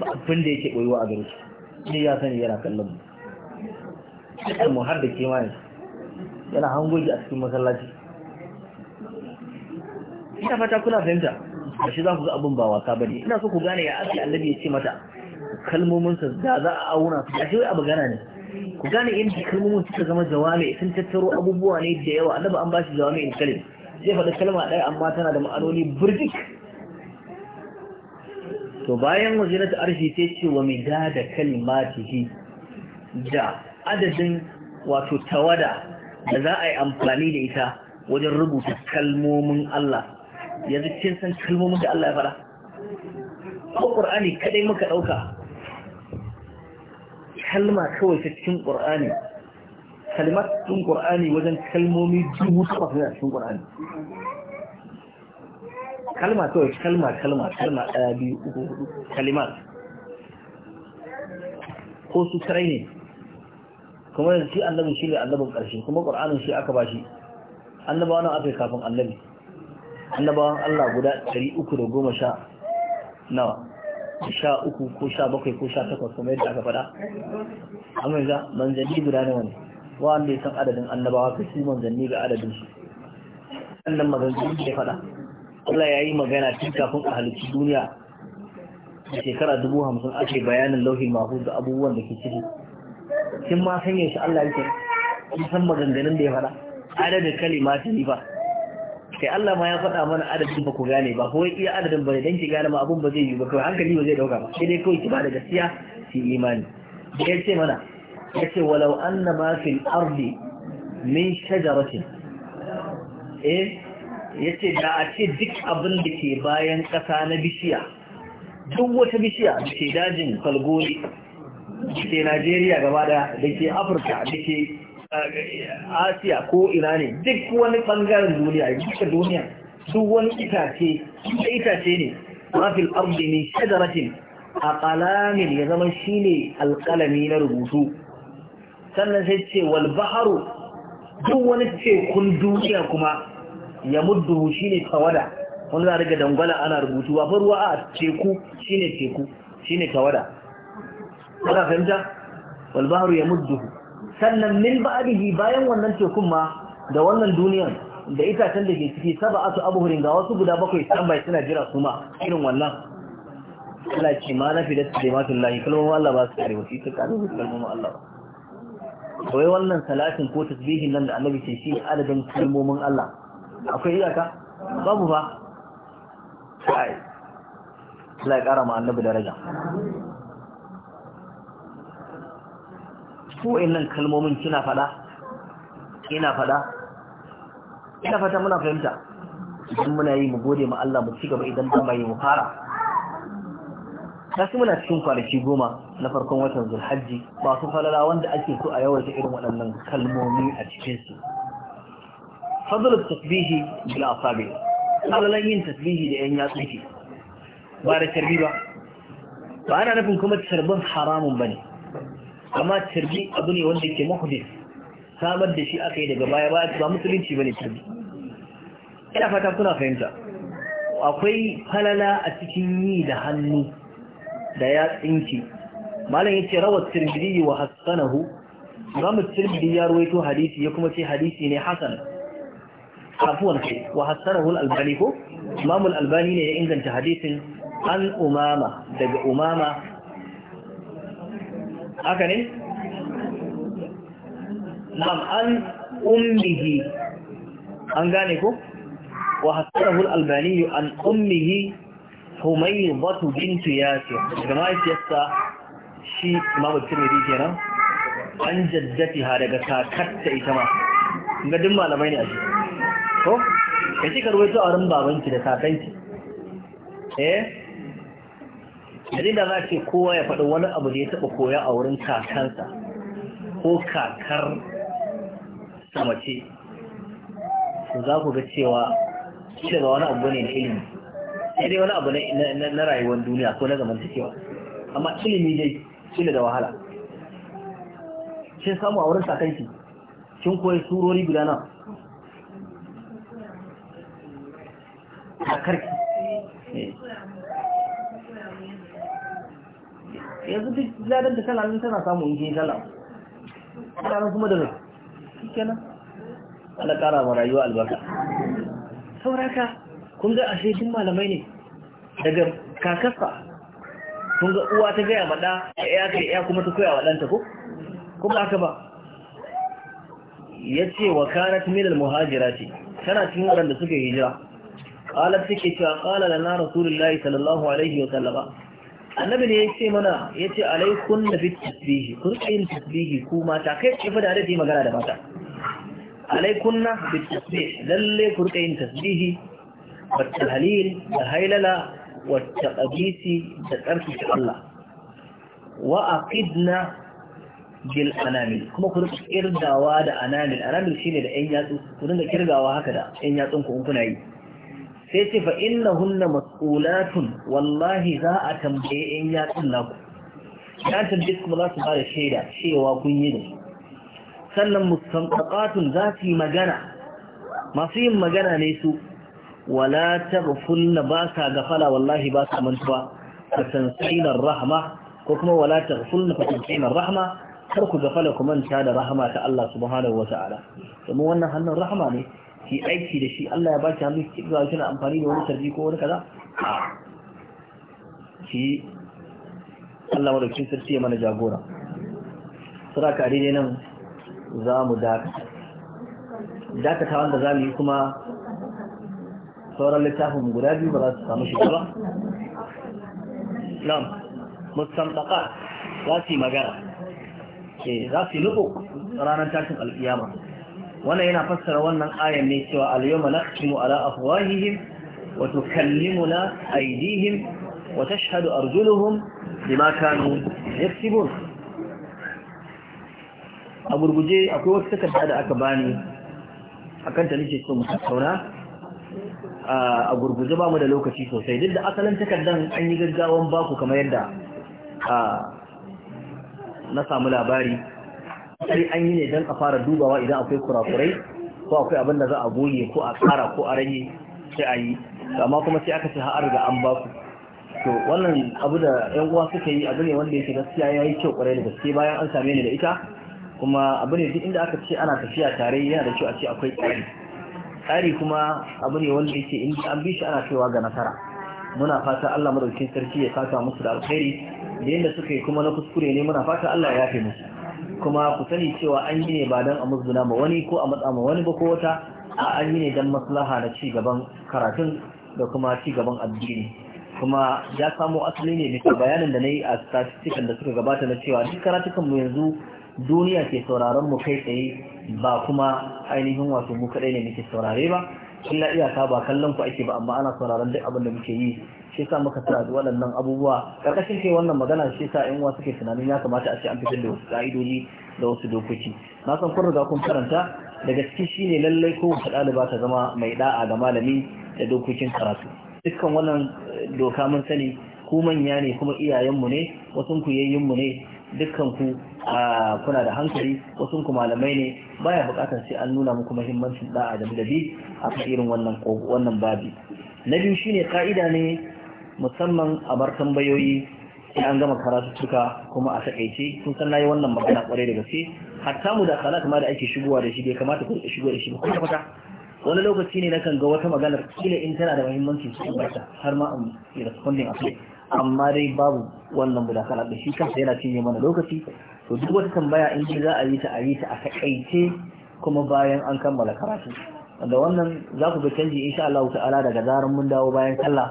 ba abin da yake ɓoyuwa a gare shi ne ya sani yana kallon mu cikin mu har da ke mai yana hangoji a cikin masallaci ina fata kuna fahimta a shi za ku ga abin ba wasa bane ina so ku gane ya ake annabi ya ce mata sa da za a auna su a shi wai abu gana ne ku gane in ji kalmomin suka zama jawami sun tattaro abubuwa ne da yawa annabi an bashi jawami in kalim zai faɗi kalma ɗaya amma tana da ma'anoni burdik to bayan wazinata arshi sai ce wa midada kalmatihi da adadin wato tawada da za a yi amfani da ita wajen rubuta kalmomin Allah yanzu kin san kalmomin da Allah ya fara ko ƙur'ani, kaɗai muka ɗauka kalma kawai ta cikin Qur'ani kalmat cikin Qur'ani wajen kalmomi dubu ta cikin ƙur'ani. kalma kawai kalma kalma kalma ɗaya biyu uku hudu kalimar ko su tarai ne kuma yanzu shi annabin shi ne annabin ƙarshe kuma ƙur'anin shi aka ba shi annabawa nan aka yi kafin annabi annabawan Allah guda ɗari uku da goma sha nawa sha uku ko sha bakwai ko sha takwas kuma yadda aka faɗa amma ga manzanni guda nawa ne wanda ya san adadin annabawa ka shi manzanni ga adadin shi annan manzanni ya faɗa Allah ya yi magana tun kafin a halittu duniya a shekara dubu hamsin ake bayanin lauhi mahu da abubuwan da ke ciki kin ma sanya yaushe Allah yake kin san maganganun da ya faɗa adadin kalima ta ba kai Allah ma ya faɗa mana adadin ba ku gane ba ko iya adadin ba dan ki gane ma abun ba zai yi ba kawai hankali ba zai dauka ba sai dai kawai ki ba da gaskiya ki imani da ya ce mana ya ce walau anna ma fil ardi min shajaratin eh ya ce da a ce duk abin da ke bayan ƙasa na bishiya duk wata bishiya da ke dajin falgoli da ke najeriya gaba da da ke afirka da ke eh, asiya ko irani ne duk wani ɓangaren duniya duka duniya duk wani itace ita itace ne mafil arzi min shajaratin a ƙalamin ya zama shine alƙalami na rubutu sannan sai ce wal baharu duk wani tekun duniya kuma ya muddu ne tawada Wani za a riga dangwala ana rubutu ba ruwa a teku shi ne teku shi ne tawada kada fahimta wal bahru yamudduhu sannan min ba'dihi bayan wannan tekun ma da wannan duniyan da itacen da ke ciki sab'atu abhurin ga wasu guda bakwai tambayi suna jira su ma irin wannan Allah ce ma na fidat kalimatun lahi kalmomin Allah ba su kare wasu ita kare su kalmomin Allah ba Kawai wannan salatin ko tasbihin nan da annabi ce shi adadin kalmomin Allah akwai iyaka babu ba sai Allah ya kara ma annabi daraja ko nan kalmomin kina fada kina fada ina fata muna fahimta idan muna yi mu gode ma Allah mu cigaba idan ba mai mu fara kasu muna cikin kwanaki goma na farkon watan zulhajji su falala wanda ake so a yawaita irin waɗannan kalmomi a cikinsu fadl tasbihi bil asabi alalan yin tasbihi da yan yatsu ke ba da tarbi ba ba ana nufin kuma tarbin haramun bane amma tarbi abu wanda ke muhdis samar da shi aka yi daga baya baya ba musulunci bane tarbi ina fata kuna fahimta akwai falala a cikin yi da hannu da yatsinki malam ya yace rawat tirmidhi wa Hassanahu. imam tirmidhi ya ruwaito hadisi ya kuma ce hadisi ne hasan عفوا وحسنه albani ko إمام albani ne ya inganta hadisin an umama daga umama haka ne nam an ummihi an gane ko wa hasanahu al-albani an ummihi humaydatu bint yasir kuma yasa shi imam tirmidhi kenan an jaddatiha daga kakarta ita ma ga duk malamai ne a cikin ko ka ci karɓar ruwaito a wurin babanki da kakanki eh yanzu da za ce kowa ya faɗi wani abu da ya taɓa koya a wurin kakansa ko kakar samace za ku ga cewa shi daga wani abu ne na ilimi sai dai wani abu na rayuwar duniya ko na zamantakewa amma ilimi dai shi da wahala kin samu a wurin sakanki kin koyi surori guda nawa Ya eh. yanzu duk ladar da kana tana samun inji kala kana nan kuma da nan shi kenan ana ƙara wa rayuwa albarka sauraka kun ga ashe duk malamai ne daga kakasa kun ga uwa ta gaya maɗa a ya ka ya kuma ta koya wa ɗanta ko kuma haka ba ya ce wa kanat minal muhajira ce tana cikin waɗanda suka hijira qalat take cewa qala lana rasulullahi sallallahu alaihi wa sallama annabi ne yace mana yace alaikum bi tasbihi kun yin tasbihi ku mata kai ce fa da dai magana da mata alaikunna bi tasbih lalle ku yin tasbihi wa tahlil da hailala wa taqdisi da tsarki ta Allah wa aqidna bil anamil kuma ku rika kirgawa da anamil anamil shine da ƴan yatsu ku dinga kirgawa haka da ƴan yatsun ku in kuna yi sai ce fa hunna mas'ulatun wallahi za a tambaye in ya tsalla ku ya tambaye kuma za su bada shaida cewa kun yi da sannan mustanqatun za su yi magana masu yin magana ne su wala taghfulna ba sa gafala wallahi ba sa mantuwa fa tansaina rahma ko kuma wala taghfulna fa tansaina rahma kar ku gafala ku manta da rahma ta Allah subhanahu wa ta'ala domin wannan hannun rahma ne ki aiki da shi Allah ya ba ki hannu ki ga kina amfani da wani sarki ko wani kaza a ki Allah madaukakin sarki ya mana jagora ka dai nan za mu dakata dakata wanda za mu yi kuma sauran littafin guda biyu ba za su samu shi ba nan mustamtaka za su yi magana eh, za su yi nufu ranar tashin al'iyama wannan yana fassara wannan ayan ne cewa al-yawma naqtimu ala afwahihim wa tukallimuna aydihim wa tashhadu arjuluhum bima kanu yaktubun a gurguje akwai wata takarda da aka bani akan ta nake so mu tattauna a gurguje ba mu da lokaci sosai duk da asalin takardan an yi gaggawan baku kamar yadda na samu labari kokari an yi ne don a fara dubawa idan akwai kurakurai ko akwai abin da za a goye ko a kara ko a rage sai a yi amma kuma sai aka ce har ga an ba ku to wannan abu da yan uwa suka yi abu ne wanda yake gaskiya ya yi kyau kwarai da gaske bayan an same ni da ita kuma abu ne duk inda aka ce ana tafiya tare yana da kyau a ce akwai tsari tsari kuma abu ne wanda yake in an bi shi ana kaiwa ga nasara muna fata Allah madaukakin sarki ya saka musu da alkhairi da yadda suka yi kuma na kuskure ne muna fata Allah ya yafe musu kuma ku sani cewa an yi ne ba don a musguna ma wani ko a matsa ma wani ba ko wata a an yi ne don maslaha na ci gaban karatun da kuma ci gaban addini kuma ya samo asali ne bisa bayanin da na yi a statistikan da suka gabata na cewa duk karatukan mu yanzu duniya ke sauraron mu kai tsaye ba kuma ainihin wato mu kaɗai ne muke saurare ba illa iyaka ba kallon ku ake ba amma ana sauraron duk abin da muke yi shi yasa muka sa da waɗannan abubuwa karkashin kai wannan magana shi yasa ƴan uwa suke tunanin ya kamata a ce an fitar da wasu ka'idoji da wasu dokoki na san kun riga kun karanta daga ciki shine lallai ko wata ɗaliba ta zama mai ɗa'a ga malami da dokokin karatu dukkan wannan eh, doka mun sani ku manya ne kuma iyayenmu ne wasu ku yayyinmu ne dukkan ku kuna da hankali wasu ku malamai ne baya bukatar sai an nuna muku muhimmancin da'a da dabi a kan irin wannan wannan babi na biyu shine ka'ida ne musamman a bar tambayoyi sai an gama karatuttuka kuma a takaice kun san nayi wannan magana kwarai da gaske hatta mu da kalat ma da ake shigowa da shi bai kamata ku shigo da shi ba kuma kwata wani lokaci ne nakan ga wata maganar kila in tana da muhimmanci su ta, har ma in responding a kai amma dai babu wannan mudakala da shi kansa yana cinye mana lokaci to duk wata tambaya in ji za a yi ta a yi ta a takaice kuma bayan an kammala karatu da wannan za ku ga canji insha Allah ta'ala daga zaran mun dawo bayan sallah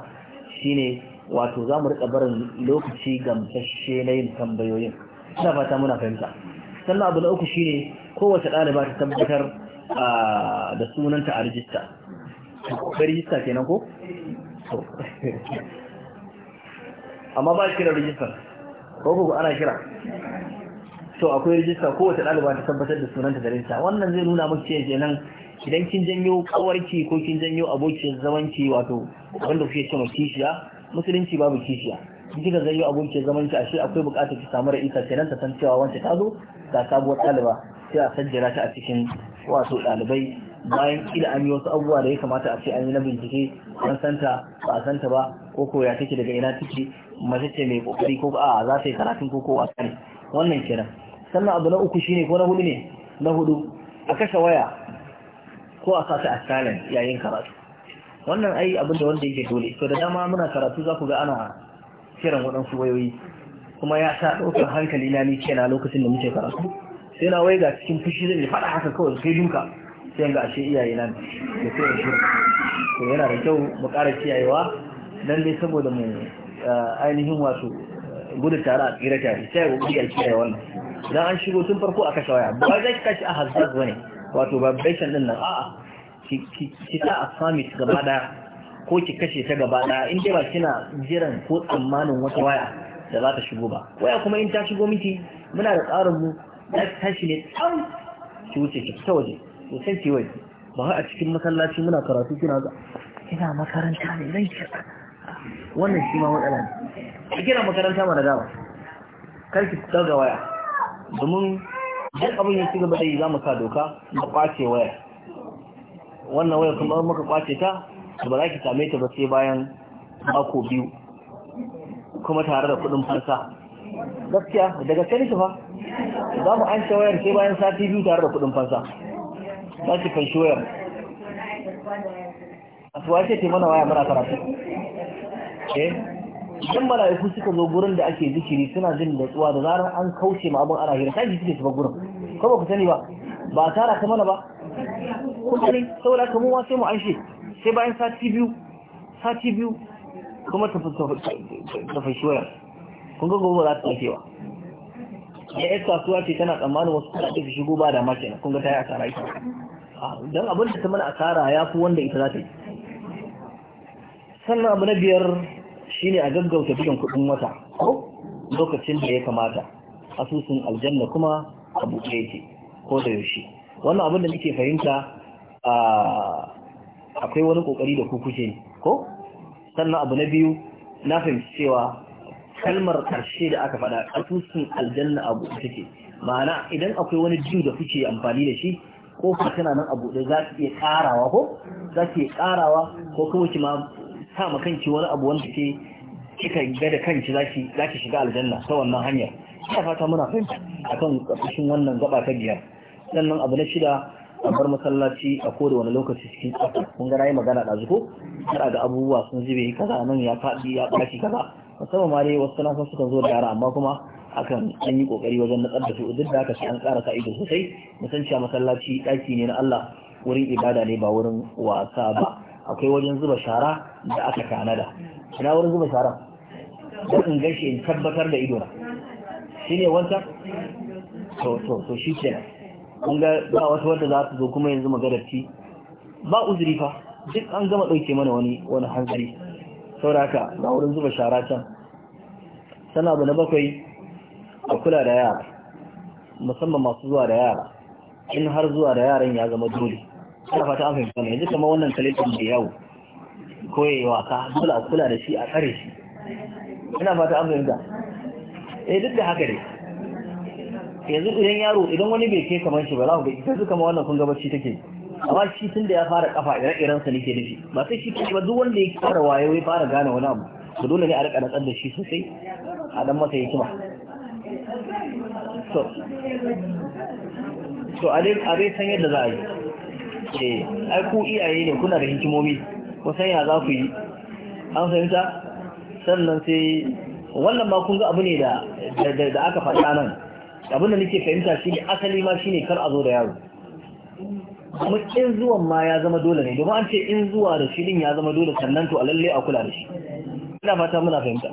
shine wato za mu rika barin lokaci gamsasshe na yin tambayoyin ina fata muna fahimta sannan abu na uku shine kowace ɗaliba ta tabbatar da sunanta a rijista ko rijista kenan ko amma ba kira rijistar ko ko ana kira to akwai rijista kowace ɗaliba ta tabbatar da sunanta da rinta wannan zai nuna maka cewa kenan idan kin janyo kawarki ko kin janyo abokin zamanci wato wanda kuke cewa kishiya musulunci babu kishiya kin kika janyo abokiyar zamanci ashe akwai buƙatar ki samu ra'isa kenan ta san cewa wancan ta zo ga sabuwar ɗaliba sai a sajjera ta a cikin wato ɗalibai bayan kila an yi wasu abubuwa da ya kamata a ce an yi na bincike an santa ba a santa ba ko ko ya take daga ina take mace ce mai kokari ko a za ta yi karatun ko ko wasa ne wannan kenan sannan abu na uku shine ko na hudu ne na hudu a kashe waya ko a sa a silent yayin karatu wannan ai abin da wanda yake dole to da dama muna karatu za ku ga ana kiran waɗansu wayoyi kuma ya sa ɗaukar hankali na ni kenan lokacin da muke karatu sai na wai ga cikin fushi zai faɗa haka kawai sai duka sai ga ashe iyaye nan da sai shi to yana da kyau mu ƙara kiyayewa dan dai saboda mu eh, ainihin wato eh, gudu tare a tsira tare sai ga gudu kiyaye wannan dan an shigo tun farko aka shawaya ba zai ka kashi a hazard bane wato vibration din nan a'a ki ta a summit gaba daya ko ki kashe ta gaba daya in dai ba kina jiran ko tsammanin wata waya da za ta shigo ba waya kuma in ta shigo miki muna da tsarin mu ta tashi ne tsam ki wuce ki fita waje sosai ce wai ba a cikin masallaci muna karatu kina ga kina makaranta ne zai ce wannan shi ma matsala ne kina kira makaranta mana dama kar ki daga waya domin duk abin ya ci gaba da yi za mu sa doka mu kwace waya wannan waya kuma muka kwace ta ba za ki same ta ba sai bayan mako biyu kuma tare da kudin fansa gaskiya daga kai fa za mu an wayar sai bayan sati biyu tare da kudin fansa za ki fanshi wayar a suwa ce mana waya mana karatu eh idan mala'iku suka zo gurin da ake zikiri suna jin da tsuwa da zarar an kauce ma abin ana hira sai suke su gurin ko ba ku sani ba ba tara ta mana ba kun sani saboda haka mu ma sai mu anshe sai bayan sati biyu sati biyu kuma ta fashi wayar kun ga gobe za ta tafi da ya kasuwa ce tana tsammanin wasu kuma ake shigo ba da makina kun ga ta yi asara ita ah, don abin da ta mana asara ya fi wanda ita za ta yi sannan abu na biyar shine a gaggauta biyan kuɗin wata ko lokacin da ya kamata asusun aljanna kuma a buɗe yake ko da yaushe wannan abin da nake fahimta akwai wani kokari da ku ko sannan abu na biyu na fahimci cewa kalmar karshe da aka faɗa ƙasusun aljanna abu take ma'ana idan akwai wani jiw da kuke amfani da shi ko tana nan abu da za ki iya ƙarawa ko za ki ko kuma ki ma sa ma kanki wani abu wanda ke kika ga da kanki za ki shiga aljanna ta wannan hanyar ina fata muna fahimta akan ƙarƙashin wannan gaba ta biyar sannan abu na shida a bar masallaci a koda wani lokaci cikin tsaka kun ga nayi magana ɗazu ko kada ga abubuwa sun zube kaza nan ya faɗi ya ɓaci kaza musamman ma dai wasu sanakon sukan zo da yara amma kuma akan an yi kokari wajen natsar da su duk da haka sai an ƙara sa ido sosai musan cewa masallaci ɗaki ne na Allah wurin ibada ne ba wurin wasa ba akwai wajen zuba shara da aka tanada ina wurin zuba shara don in gashi in tabbatar da ido na shi ne wanta to to to shi kenan kun ga ba wata wanda za su zo kuma yanzu magararci ba uzuri fa duk an gama ɗauke mana wani wani hankali sauraka na wurin zuba shara can sana abu na bakwai a kula da yara musamman masu zuwa da yara in har zuwa da yaran ya zama dole ana fata an fahimta ne yanzu kama wannan talibin da yawo ko ya yi waka dole a kula da shi a tsare shi ina fata an fahimta eh duk da haka ne yanzu idan yaro idan wani bai ke kamar shi ba za ku ga ita su kama wannan kun gabaci take amma shi tun da ya fara kafa ire-iren sa nake nufi ba sai shi ba duk wanda ya fara wayo ya fara gane wani abu to dole ne a rika nasar da shi sosai a dan masa hikima to to a dai san yadda za a yi eh ai ku iyaye ne kuna da hikimomi ko san ya za ku yi an fahimta sannan sai wannan ma kun ga abu ne da da aka faɗa nan abin da nake fahimta shi ne asali ma shine kar a zo da yaro kuma in zuwan ma ya zama dole ne domin an ce in zuwa da din ya zama dole sannan to a lalle a kula da shi ina fata muna fahimta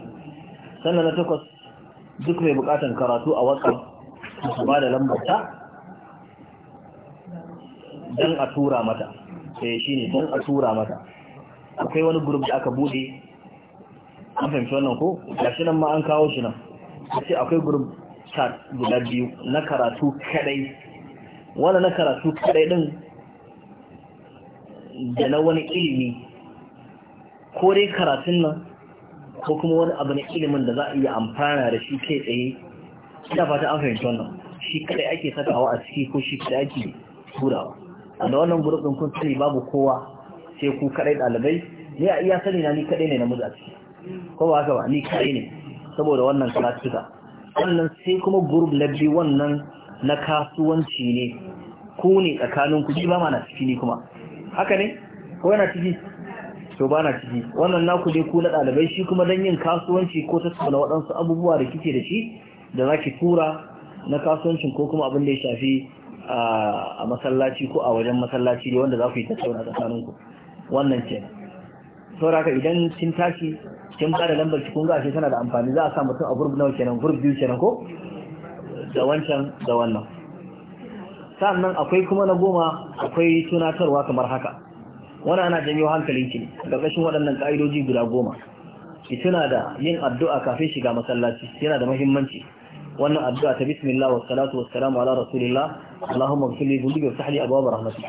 sannan na takwas duk mai bukatan karatu a wasa su ba da lambar don dan a tura mata eh, sai ne dan a tura mata akwai wani group da aka bude an fahimci wannan ko shi nan ma an kawo shi nan sai akwai group chat guda biyu na karatu kadai wanda na karatu kadai din da na wani ilimi ko dai karatun nan ko kuma wani abu na ilimin da za a iya amfana da shi kai tsaye ina fata an fahimci wannan shi kadai ake sakawa a ciki ko shi kadai ake turawa a da wannan gurbin kun sani babu kowa sai ku kadai dalibai ni a iya sani na ni kadai ne na a ciki ko ba haka ba ni kadai ne saboda wannan karatuka sannan sai kuma gurbin na biyu wannan na kasuwanci ne ku ne tsakanin kuji ba ma na ciki ne kuma haka ne ko yana ciki to ba na ciki wannan naku ne ku na ɗalibai shi kuma don yin kasuwanci ko tattauna waɗansu abubuwa da kike da shi da za ki tura na kasuwancin ko kuma abin da ya shafi a masallaci ko a wajen masallaci ne wanda za ku yi tattauna tsakanin ku wannan ce haka idan kin tashi kin ba da lambar ki kun ga shi tana da amfani za a sa mutum a gurbi nawa kenan gurbi biyu kenan ko da wancan da wannan sannan akwai kuma na goma akwai tunatarwa kamar haka wani ana janyo hankalin ki ga ƙarshen waɗannan ƙa'idoji guda goma ki tuna da yin addu'a kafin shiga masallaci yana da muhimmanci wannan addu'a ta bismillah wa salatu wa salamu ala rasulillah allahumma ighfir li dhunubi wa rahmatik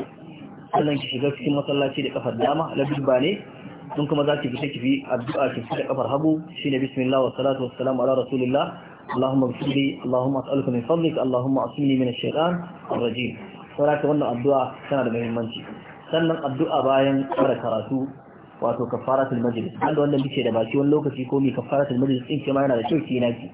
sannan ki shiga cikin masallaci da kafar dama labibba ne in kuma za ki fita ki bi addu'a ki fita kafar hagu shine bismillah wa salatu wa salamu ala rasulillah اللهم اغفر لي اللهم اسالك من فضلك اللهم اصلني من الشيطان الرجيم saboda wannan addu'a tana da muhimmanci sannan addu'a bayan fara karatu wato kafaratul majlis wanda wannan bice da baki wani lokaci ko mai kafaratul majlis din ke ma yana da kyau ki na ki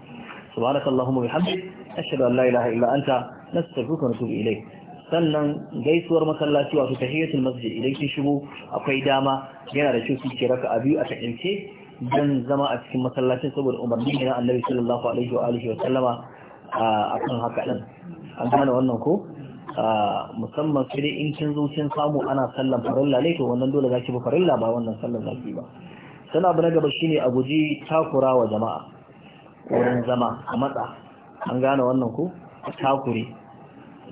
subhanakallahumma bihamdik ashhadu an la ilaha illa anta nastaghfiruka wa natubu ilayk sannan gaisuwar masallaci wato tahiyatul masjid idan kin shigo akwai dama yana da kyau ki raka a biyu a takaice dan zama a cikin masallacin saboda umarni ne na annabi sallallahu alaihi wa alihi wa sallama a kan haka din an gane wannan ko musamman sai dai in kin zo kin samu ana sallan farilla ne to wannan dole zaki ba farilla ba wannan sallan zaki ba sana abu na gaba shine a guji takura wa jama'a wurin zama a matsa an gane wannan ko takure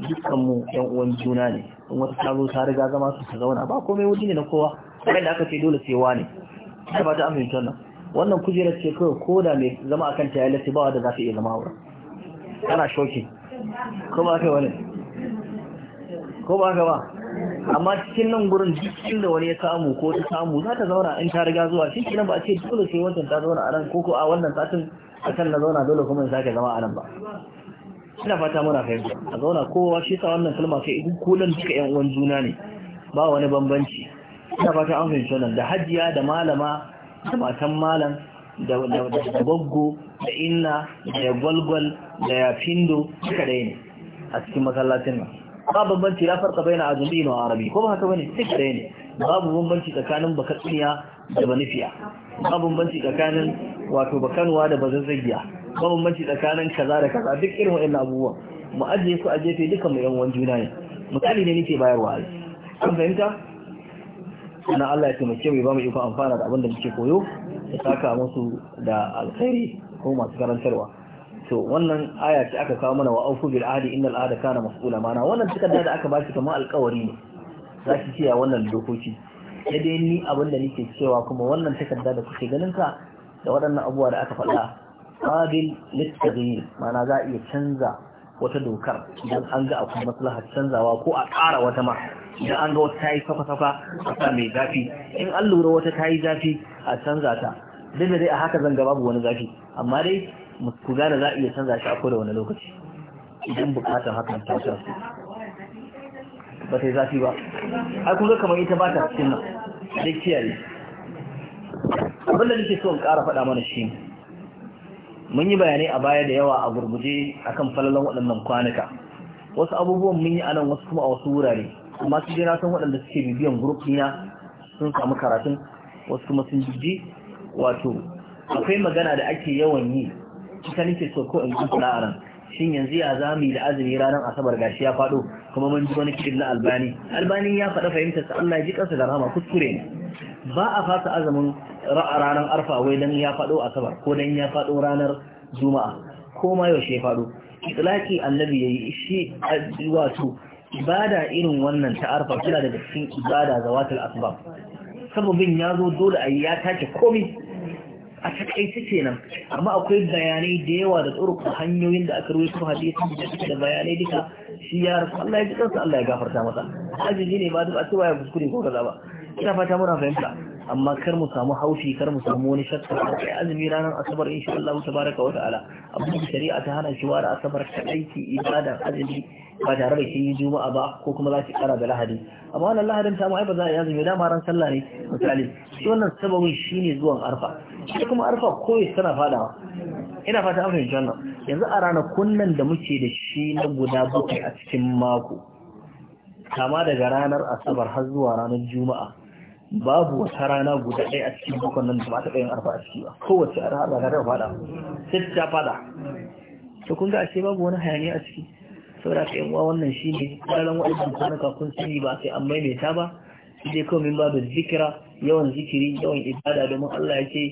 dukkan mu yan uwan juna ne in wata ta zo ta riga zama su ta zauna ba komai wuri ne na kowa kamar da aka ce dole sai wani ne kuma ba ta amince wannan wannan kujerar ce kawai koda mai zama akan ta yayin ba wanda za iya zama wurin kana shoki ko ba kai wani ko ba ka ba amma cikin nan gurin cikin da wani ya samu ko ta samu za ta zauna in ta riga zuwa shi nan ba a ce dole sai wancan ta zauna a nan ko ko a wannan satin akan na zauna dole kuma in sake zama a nan ba ina fata muna fahimta a zauna kowa shi sa wannan kalma sai idan kulan duka yan uwan juna ne ba wani bambanci ina fata an fahimci wannan da hajiya da malama da matan malam da baggo da inna da ya gwalgwal da ya findo duka da ne a cikin masallacin nan ba bambanci ya farka bai na azumi na arabi ko ba haka bane duka da ne babu bambanci tsakanin bakatsiniya da banifiya ba bambanci tsakanin wato bakanwa da bazazzagiya ba bambanci tsakanin kaza da kaza duk irin wa'annan abubuwa mu ajiye su a jefe duka mu yan wan juna ne misali ne nake bayarwa an fahimta Ana Allah ya taimake mu ba mu iko amfana da abin da muke koyo ya saka musu da alkhairi ko masu karantarwa to wannan aya ce aka kawo mana wa aufu bil ahdi innal ahda kana mas'ula mana wannan takarda da aka bashi kamar alkawari ne za ki ciya wannan dokoki ya dai ni abin da nake cewa kuma wannan takarda da kuke ganin ka da waɗannan abubuwa da aka faɗa qabil lit mana za a iya canza wata dokar idan an ga akwai maslahar canzawa ko a ƙara wata ma idan an ga wata ta yi safa-safa a sa mai zafi in an lura wata ta yi zafi a canza ta duk da dai a haka gaba babu wani zafi amma dai ku gane za a iya canza shi a da wani lokaci idan bukatar hakan ta sa su ba ta yi zafi ba ai kun ga kamar ita ba ta cikin nan dai kiyaye abin da nake so in ƙara faɗa mana shi ne mun yi bayanai a baya da yawa a gurguje akan falalan waɗannan kwanuka wasu abubuwan mun yi anan wasu kuma a wasu wurare amma su je na san waɗanda suke bibiyan group na sun samu karatun wasu kuma sun jiji wato akwai magana da ake yawan yi Kika nake so ko in a ran shin yanzu ya za yi da azumi ranar asabar gashi ya faɗo kuma mun ji wani kiɗin na albani albani ya faɗa fahimtar sa Allah ya ji kansa da rahama kuskure ba a fasa azumin ranar arfa wai dan ya faɗo asabar ko dan ya faɗo ranar juma'a ko ma yaushe ya faɗo itlaki annabi yayi shi wato ibada irin wannan ta arfa tana daga cikin ibada zawatul asbab sababin ya zo dole a yi ya take komai a takaice kenan amma akwai bayanai da yawa da tsurku hanyoyin da aka rubuta hadisi da suke da bayanai duka shi ya rasu Allah ya ji kansa Allah ya gafarta masa ajiji ne ba duk a cewa ya kuskure ko kaza ba ina fata muna fahimta amma kar mu samu haushi kar mu samu wani shakka a azumi ranar asabar insha Allah tabaraka wa ta'ala abin da shari'a ta hana shi wara asabar ta aiki ibada azumi ba tare da kin yi juma'a ba ko kuma za ki kara da lahadi amma wannan lahadin ta mu ai ba za a yi azumi dama ran sallah ne misali shi wannan sababin shine zuwan arfa shi kuma arfa koyi tana fadawa ina fata an fahimci yanzu a ranakun nan da muke da shi na guda bakwai a cikin mako kama daga ranar asabar har zuwa ranar juma'a babu wata rana guda ɗaya a cikin bukon nan da ba taɓa yin arfa a ciki ba kowace arha ba tare fada sai ta fada to kun ga ashe babu wani hayaniya a ciki saboda ka uwa wannan shi ne ƙararren waɗannan kwanaka kakun sani ba sai an maimaita ba sai dai kawai min babu zikira yawan zikiri yawan ibada domin Allah ya ce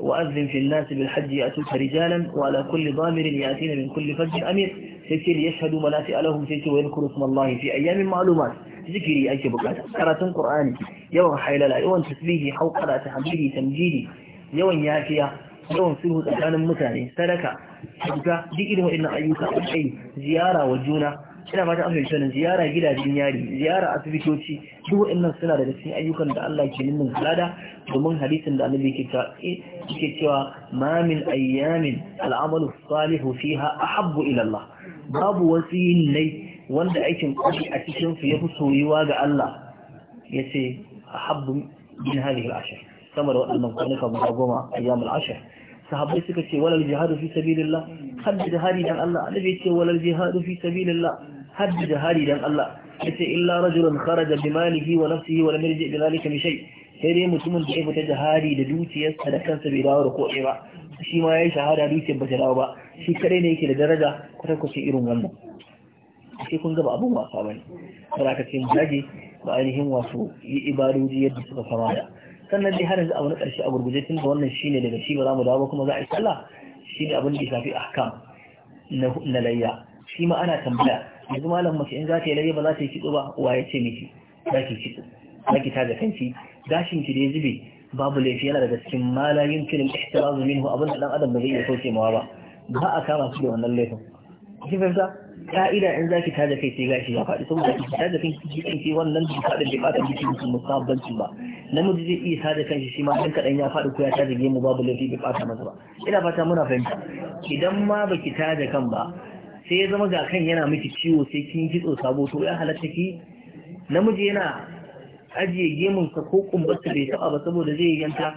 wa'azzin fil nas bil hajji atuka rijalan wa ala kulli dhamirin yatina min kulli fajjin amir sai ce liyashhadu manafi'a lahum sai ce wa yadhkuru isma fi ayyamin ma'lumat zikiri ake bukata karatun qur'ani yawan hailala yawan tasbihi ta tahmidi tamjidi yawan yafiya yawan sulhu tsakanin mutane sadaka ga duk irin ayuka ayyuka ziyara wa juna ina fata an fahimta ziyara gidajen yari ziyara asibitoci duk wa'annan suna daga cikin ayyukan da Allah ke nuna kalada domin hadisin da annabi yake cewa eh, yake cewa ma min ayyamin al'amalu salihu fiha ahabbu ila Allah babu wasu yin wanda aikin kwashi a cikin su yafi soyuwa ga Allah Ya yace ahabbu min hadhihi al-ashr sama da waɗannan kwanuka guda goma a ayyamul ashr sahabbai suka ce walal jihadu fi sabilillah hadda jihadi dan Allah annabi ce walal jihadu fi sabilillah hadda jihadi dan Allah Ya ce illa rajulun kharaja bi malihi wa nafsihi wa lam yarji bi dhalika bi shay sai dai mutumin da ya fita jihadi da dukiyarsa da kansa bai dawo da ko'e ba shi ma ya yayi shahada dukiyar ba ta dawo ba shi kare ne yake da daraja kwatakwacin irin wannan sai kun gaba abin wasa ba ne ka ce mu dage ba ainihin wato yi ibadoji yadda suka kamata sannan dai har yanzu abu na karshe a gurguje tun da wannan shine daga shi ba za mu dawo kuma za a yi sallah shi ne abin da ya shafi ahkam na layya shi ma ana tambaya yanzu malam mace in za ta yi layya ba za ta yi kitso ba wa ya ce miki za ki kitso za ki ga kanki gashin ki da ya zube babu laifi yana daga cikin ma la yumkinu al-ihtirazu minhu abin da dan adam ba zai iya kauce mawa ba ba a kama su da wannan laifin kin fahimta ka'ida in zaki tada kai sai gashi ya faɗi saboda ki tada kai ki ji kai wannan bai faɗi bai faɗi miki miki musabbanci ba namiji zai iya tada kanshi shi ma dan kadan ya faɗi ko ya tada gemu babu laifi bai fata masa ba ina fata muna fahimta idan ma baki tada kan ba sai ya zama ga kan yana miki ciwo sai kin kitso sabo to ya halatta ki namiji yana ajiye gemunsa ko kumbarsa bai taɓa ba saboda zai yanka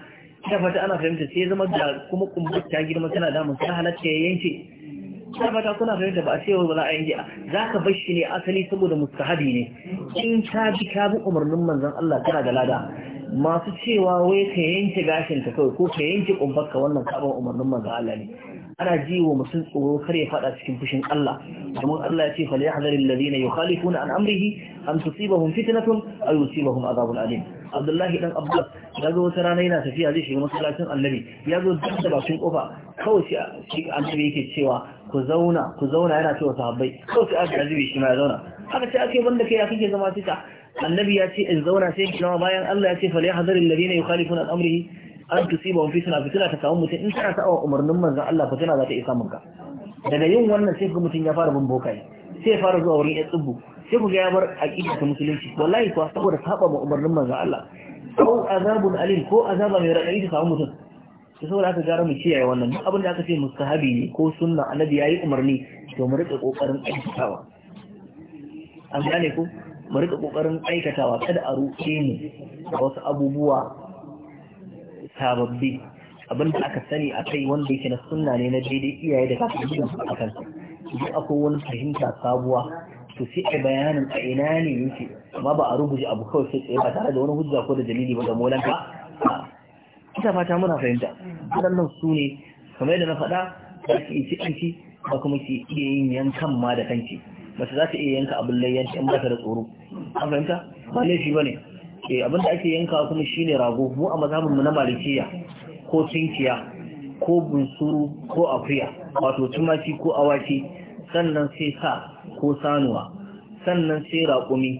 ina fata ana fahimta sai ya zama da kuma kumbar ta girma tana damun ta halatta ya yanke ina fata kuna fahimta ba a ce wa za a yi za ka bar shi ne asali saboda mustahabi ne in ka bi ka bi umarnin manzon Allah kana da lada masu cewa wai ka yanke gashin ta kawai ko ka yanke kumbar ka wannan sabon umarnin manzon Allah ne ana ji wa mutum tsoro kar ya fada cikin fushin Allah domin Allah ya ce fal yahzaril ladina yukhalifuna an amrihi an tusibahum fitnatun aw yusibahum adhabun alim abdullahi dan abbas ya zo wata rana yana tafiya zai shiga masallacin annabi ya zo duk da bakin kofa kawai shi annabi yake cewa ku zauna ku zauna yana cewa sahabbai kawai sai aka rajibi shi ma ya zauna haka sai ake banda kai ya kike zama cika annabi ya ce in zauna sai ki zama bayan Allah ya ce fal yahzar na yukhalifuna an tusi ba tusibahum suna fitna ta samu mutum in tana sa'a umarnin manzan Allah fa tana za ta isa mun ka daga yin wannan sai ga mutum ya fara bin bokai sai ya fara zuwa wurin ya tsubu sai ku ga ya bar aqida ta musulunci wallahi kuwa saboda saba ma umarnin manzon Allah ko azabun alim ko azaba mai radadi ta samu mutum to saboda aka gara mu kiyaye wannan duk abin da aka ce mustahabi ne ko sunna annabi yayi umarni to mu rika kokarin aikatawa an gane ku mu rika kokarin aikatawa kada a ruke mu da wasu abubuwa sababbi abin da aka sani a kai wanda yake na sunna ne na daidai iyaye da kafin gidan a kansa idan akwai wani fahimta sabuwa to sai bayanin a ina ne yake amma ba a rubuce abu kawai sai tsaye ba tare da wani hujja ko da dalili ba da ka ita fata muna fahimta waɗannan su ne kamar yadda na faɗa za su iya kanki ba kuma shi iya yin yankan ma da kanki mace za ta iya yanka abin layyan in ba ta da tsoro an fahimta ba laifi ba ne eh, abin da ake yanka kuma shine rago mu a mu na malikiya ko tinkiya ko bunsuru ko akuya wato tumaki ko awaki sannan sai sa ko sanuwa sannan sai raƙumi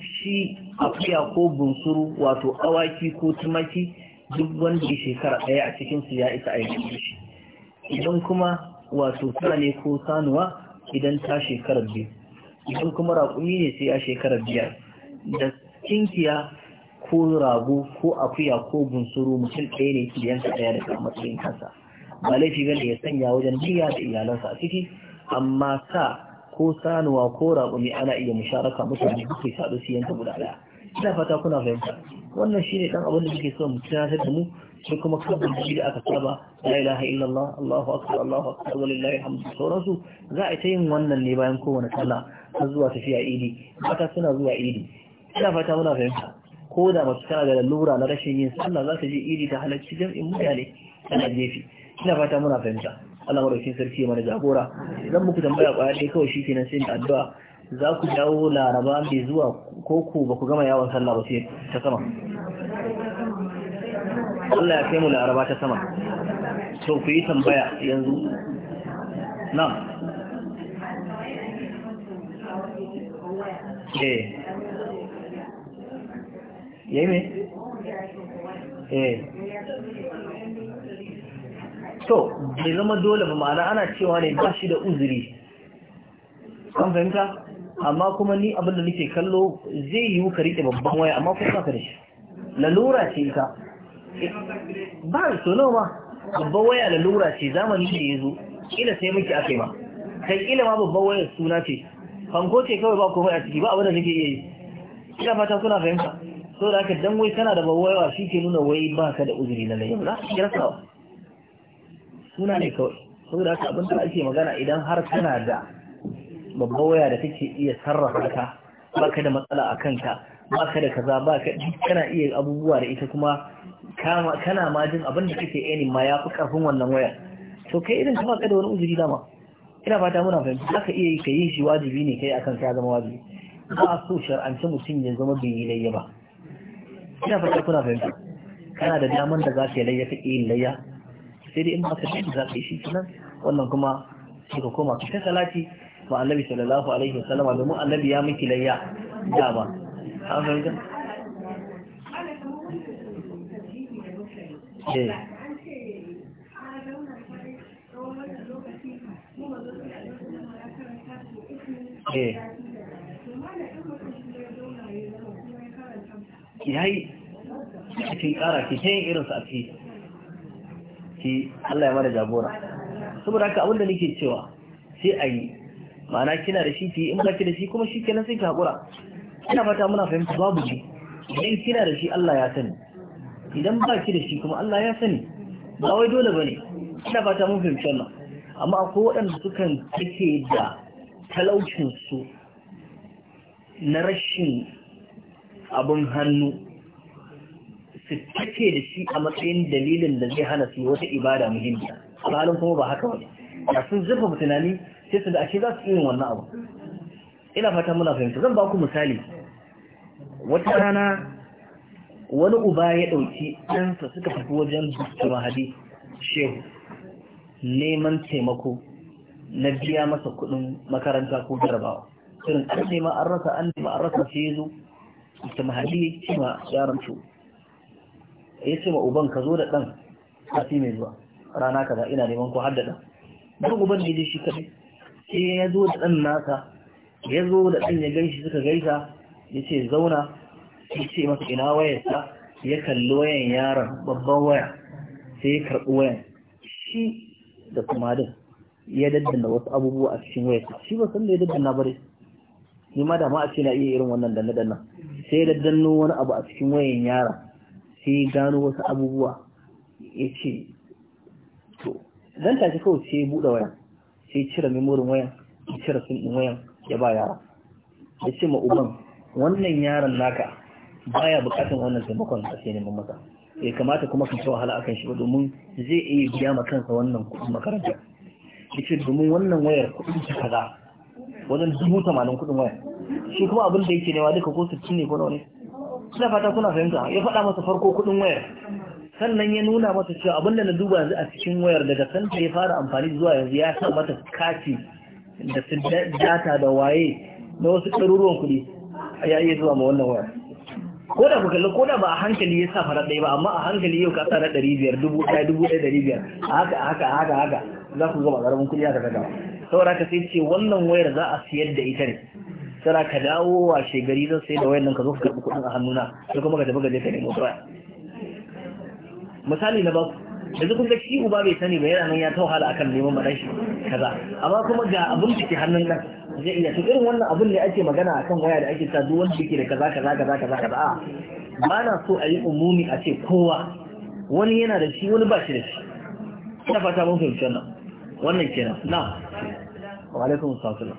shi akuya ko bunsuru wato awaki ko tumaki duk wanda ya shekara ɗaya a cikin cikinsu ya isa aiki shi idan kuma wato tara ne ko sanuwa idan ta shekarar biyu idan kuma raƙumi ne sai ya shekarar biyar da kinkiya ko rago ko akuya ko bunsuru mutum ɗaya ne ke yanka ɗaya daga matsayin kansa ba laifi gane ya sanya wajen biya da iyalansa a ciki amma sa ko sanuwa ko raƙumi ana iya musharaka mutane suke saɗu su yanka guda ɗaya ina fata kuna fahimta wannan shine dan abin da muke so mu tunatar da mu sai kuma kabin da aka saba la ilaha illallah Allahu akbar Allahu akbar walillahi alhamdu sauransu za a ta yin wannan ne bayan kowane sallah har zuwa tafiya idi mata suna zuwa idi ina fata muna fahimta ko da mace tana da lalura na rashin yin sallah za ta je idi ta halarci jam'in mutane Kana gefe ina fata muna fahimta Allah maraukin sarki ya mana jagora idan muku tambaya kwaya ɗaya kawai shi kenan sai da addu'a za ku dawo laraba mai zuwa ko ku ba ku gama yawon sallah ba sai ta sama Allah ya kai mu laraba ta sama to ku yi tambaya yanzu na eh yayi me eh to bai zama dole ba ma'ana ana cewa ne ba shi da uzuri kan fahimta amma kuma ni abin da nake kallo zai yiwu wuka rike babban waya amma kuma ka da shi lalura ce ka? ba tono ma babban waya lalura ce zamani da ya zo ila sai miki yi ma kai ila ma babban wayar suna ce fanko ce kawai ba komai a ciki ba abin da nake iya yi ina fata kuna fahimta so da haka dan wai kana da babban waya shi ke nuna wai ba ka da uzuri na lalle ba za ka suna ne kawai saboda haka abin da ake magana idan har kana da babbar waya da kake iya sarrafa ka baka da matsala a kanka baka da kaza baka kana iya abubuwa da ita kuma kana ma jin abin da kake yanin ma ya fi karfin wannan waya. to kai irin ka baka da wani uzuri dama ina fata muna fahimta zaka iya yi ka yi shi wajibi ne kai akan ka zama wajibi ba a so shar'ance mutum ya zama bai yi layya ba ina fata kuna fahimta kana da daman da za ka yi layya ka iya layya sai dai in ba ka da za ka yi shi kenan wannan kuma sai ka koma ka ta salati ba annabi sallallahu alaihi wasallam domin annabi ya miki layya da ba ha ga ga eh. eh. ya yi cikin ƙara ke yin irinsa a ciki shi Allah ya mana jagora saboda haka abinda nake cewa sai a yi ma'ana kina da shi ki in ba ki da shi kuma shi kenan sai ki haƙura ina fata muna fahimta babu ji idan kina da shi Allah ya sani idan ba ki da shi kuma Allah ya sani ba wai dole bane ina fata mun fahimci wannan amma akwai waɗanda sukan take da talaucin su na rashin abin hannu su take da shi a matsayin dalilin da zai hana su wata ibada muhimmiya halin kuma ba haka wani da sun zurfa tunani sai su da ake za su irin wannan abu ina fata muna fahimta zan ba ku misali wata rana wani uba ya ɗauki ɗansa suka fafi wajen Dr. Mahadi Shehu neman taimako na biya masa kuɗin makaranta ko jarabawa irin an nema an rasa an nema an rasa sai ya zo Dr. Mahadi ya ce ma yaran su ya ce ma uban ka zo da ɗan sati mai zuwa rana ka za ina neman ko haddada. ɗan uban ne dai shi kaɗai sai ya zo da ɗan nasa ya zo da ɗan ya gaishe suka gaisa ya ce zauna ya ce masa ina wayarsa ya kalli wayan yaron babban waya sai ya karɓi wayan shi da kuma din ya daddana wasu abubuwa a cikin wayarsa shi ba san da ya daddana ba dai ni ma da a ce na iya irin wannan danne dannan sai ya daddano wani abu a cikin wayan yaron sai gano wasu abubuwa ya ce to zan tashi kawai sai ya buɗe wayan sai cire memorin wayan ya cire sun ɗin wayan ya ba yara ya ce ma uban wannan yaron naka baya bukatan wannan taimakon a sai neman masa ya kamata kuma ka cewa wahala akan shi ba domin zai iya biya ma kansa wannan kuɗin makaranta ce domin wannan wayar kuɗin ta kaza wajen dubu tamanin kuɗin wayar shi kuma abin da yake newa duka ko sittin ne ko nawa ne suna fata kuna fahimta ya faɗa masa farko kuɗin wayar sannan ya nuna masa cewa abinda na duba yanzu a cikin wayar daga sanda ya fara amfani zuwa yanzu ya sa mata kati da su data da waye na wasu ɗaruruwan kuɗi a ya iya zuwa ma wannan wayar ko da kuka ko da ba a hankali ya sa fara ɗaya ba amma a hankali yau ka tsara ɗari biyar dubu ɗaya dubu ɗaya ɗari biyar a haka a haka a haka a haka za ku gama ƙaramin kuɗi haka daga saboda ka sai ce wannan wayar za a siyar da ita ne sana ka dawo wa shegari zan sai da wayannan ka zo ka karɓi kuɗin a hannuna sai kuma ka tafi gaje ka nemo kawai misali na baku yanzu kun ga shi uba bai sani ba yana nan ya hala akan neman madan shi kaza amma kuma ga abin da ke hannun nan zai iya to irin wannan abin ne ake magana akan waya da ake sa duk wanda yake da kaza kaza kaza kaza kaza a ba na so a yi umumi a ce kowa wani yana da shi wani ba shi da shi ina fata mun fahimci wannan wannan kenan na wa alaikum assalam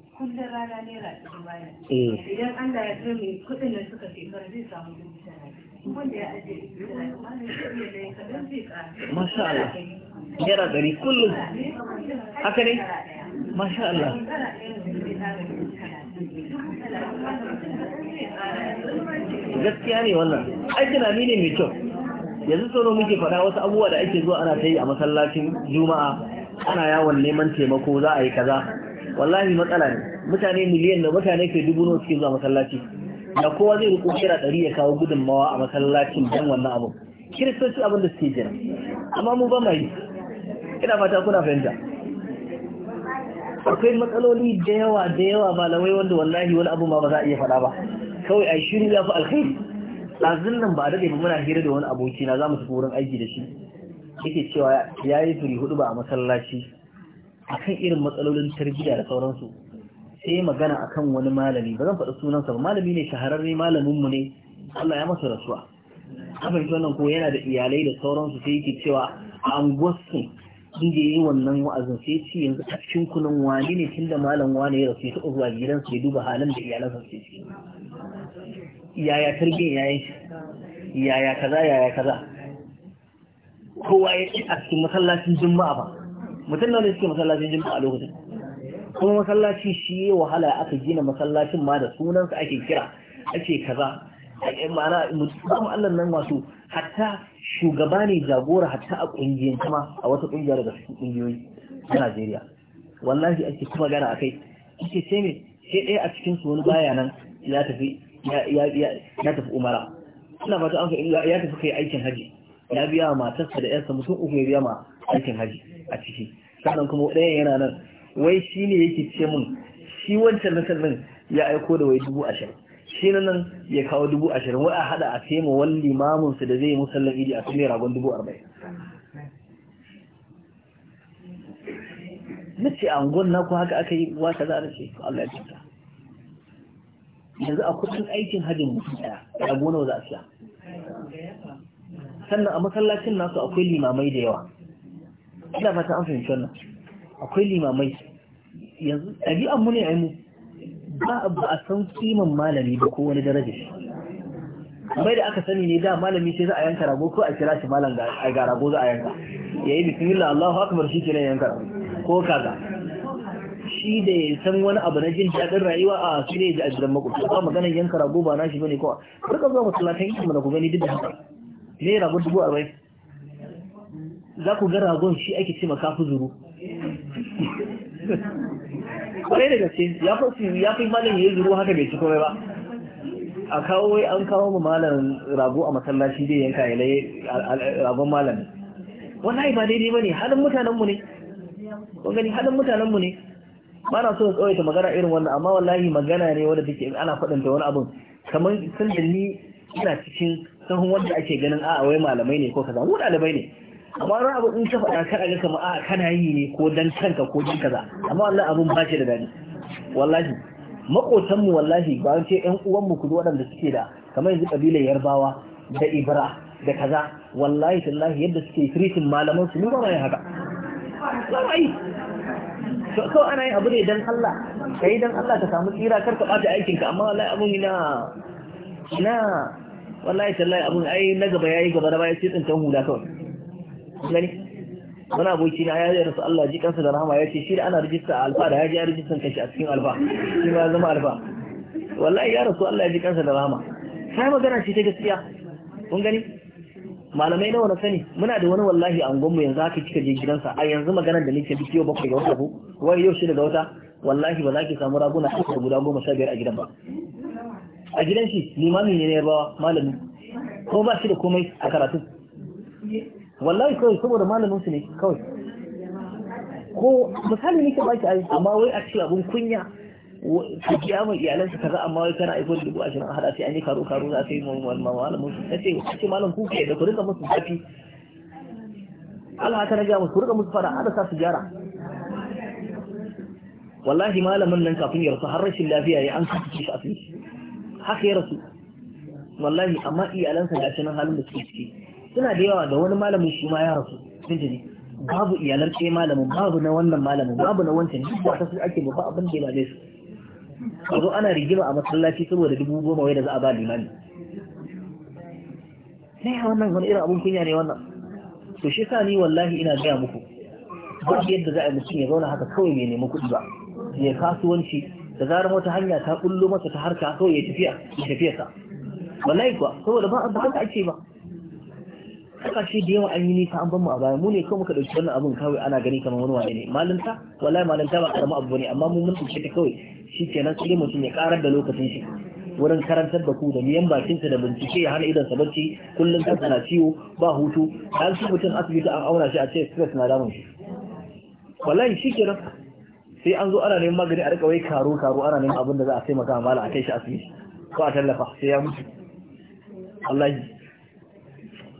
kullum rana eh. naira ɗari kullum haka ne masha gaskiya ne wannan Aiki na ne mai kyau yanzu tsoro muke faɗa wasu abubuwa da ake zuwa ana ta yi a masallacin juma'a ana yawon neman taimako za a yi kaza wallahi matsala ne mutane miliyan da mutane ke dubu nawa suke zuwa masallaci da kowa zai riko kira ɗari ya kawo gudunmawa a masallacin don wannan abu kiristoci abin da suke jira amma mu ba ma yi ina fata kuna fahimta akwai matsaloli da yawa da yawa malamai wanda wallahi wani abu ma ba za a iya faɗa ba kawai a shiru ya fi alkhairi lazin nan ba a daɗe ba muna hira da wani aboki na za mu tafi wurin aiki da shi yake cewa ya yi firi hudu ba a masallaci a kan irin matsalolin tarbiyya da sauransu sai magana akan wani malami ba zan faɗi sunansa ba malami ne shahararre malaminmu ne Allah ya masa rasuwa abin wannan ko yana da iyalai da sauransu sai yake cewa an gwasu inda yi wannan wa'azin sai ce yanzu a cikin kunan wani ne tunda malam wani ya rasu ya taɓa zuwa gidansa ya duba halin da iyalansa suke ciki yaya tarbiyya yayin yi? yaya kaza yaya kaza kowa ya a cikin masallacin juma'a ba mutum na ne suke masallacin jima'a a lokacin kuma masallaci shi ya wahala aka gina masallacin ma da sunansa ake kira ake kaza eh, ma'ana mutum Allah nan wato hatta shugaba ne jagora hatta a kungiyar kuma a wata kungiyar daga cikin kungiyoyi a Najeriya wallahi ake kuma gana akai ake ce ne sai ɗaya a cikin su wani baya nan ya tafi ya tafi umara ina fata an ya tafi kai aikin haji ya biya matarsa da yarsa mutum uku ya biya ma aikin haji a ciki sannan kuma ɗayan yana nan wai shi ne yake ce mun shi wancan na sannan ya aiko da wai dubu ashirin shi nan ya kawo dubu ashirin wai a haɗa a ma wani limamin su da zai yi musallin idi a kuma ragon dubu arba'in na ce a unguwan na ku haka aka yi wata za na ce Allah ya kyauta yanzu a kudin aikin hajjin mutum ɗaya ya gona za a siya sannan a masallacin nasu akwai limamai da yawa ina fata an fahimci wannan akwai limamai yanzu ɗabi'an mu ne aimu ba ba a san kiman malami ba ko wani daraja mai da aka sani ne da malami sai za a yanka rago ko a kira shi malam ga rago za a yanka yayi bismillah Allahu akbar shi kenan yanka ko kaza shi da ya san wani abu na jin daɗin rayuwa a su ne da ajiran makwabci ba maganar yanka rago ba na shi bane kowa barka zuwa masallatan yi kuma da ku gani duk da haka ne rago dubu arba'in za ku ga ragon shi ake ce makafi zuru kwarai da gaske ya fi ya fi malam ya yi zuru haka bai ci komai ba a kawo wai an kawo mu malam rago a masallaci dai yanka ya laye ragon malam wallahi ba daidai bane halin mutanen mu ne kun gani halin mutanen mu ne ba na so in tsawaita magana irin wannan amma wallahi magana ne wanda take ana faɗanta wani abin kamar sun da ni ina cikin sahun wanda ake ganin a'a wai malamai ne ko kaza mu ɗalibai ne amma wani abu in ka faɗa ka ga kama a kana yi ne ko dan kanka ko dan kaza amma wannan abun ba shi da dadi wallahi makotan mu wallahi ba ce ƴan uwan mu kudu waɗanda suke da kamar yanzu ƙabilar yarbawa da ibra da kaza wallahi tallahi yadda suke treating malaman su mu ba mai haka ba mai kawai ana yin abu ne dan Allah ka yi dan Allah ka samu tsira kar ka ɓata aikinka amma wallahi abun ina ina wallahi tallahi abun ai na gaba yayi gaba da bayan sai tsintan hula kawai gani wani aboki na ya rasu Allah ji kansa da rahama ya ce shi da ana rijista a alfa da ya ji ya rijistan kashi a cikin alfa shi ma zama alfa wallahi ya rasu Allah ya ji kansa da rahama sai magana ce ta gaskiya kun gani malamai nawa na sani muna da wani wallahi a unguwanmu yanzu haka kika je gidansa a yanzu maganar da nake biki yau bakwai ga wata ko wai yau shi daga wata wallahi ba za ki samu raguna haka guda goma sha biyar a gidan ba a gidan shi limamin ne na yarbawa malami ko ba shi da komai a karatu wallahi kawai saboda malamin su ne kawai ko misali nake baki ai amma wai a ce abun kunya ka biya mai iyalan su kaza amma wai kana aiko dubu ashirin a hada sai an yi karo karo za ka yi malamin su nace kace malam ku ke da ku rika musu zafi Allah ta na ga musu rika musu fara hada sa su gyara wallahi malamin nan kafin ya rasu har rashin lafiya ya an kasu shi kafin haka ya rasu wallahi amma iyalansa ga shi nan halin da suke ciki suna da yawa da wani malamin shi ma ya rasu jinjiri babu iyalar ce malamin babu na wannan malamin babu na wancan duk wata su ake ba abin da ya su a zo ana rigima a masallaci saboda dubu goma wai da za a ba limami na ya wannan wani irin abin kunya ne wannan to shi sa ni wallahi ina gaya muku ba yadda za a yi mutum ya zauna haka kawai mai neman kuɗi ba ya kasuwanci da zarar wata hanya ta kullo masa ta harka kawai ya tafiya ya tafiya sa wallahi kuwa saboda ba abin da ake ba shi da yawa an yi nisa an ban mu a baya mu ne kawai muka dauki wannan abun kawai ana gani kamar wani wane ne malinta wallahi malinta ba karamin abu ne amma mun mun ta kawai shikenan sai mutum ya karar da lokacin shi wurin karantar da ku da miyan bakinsa da bincike ya hana idan sabacci kullum ta tana ciwo ba hutu dan su mutum asibiti an auna shi a ce stress na damun shi wallahi shikenan sai an zo ana neman magani a rika wai karo karo ana neman abin da za a taimaka mala a kai shi asibiti ko a tallafa sai ya mutu wallahi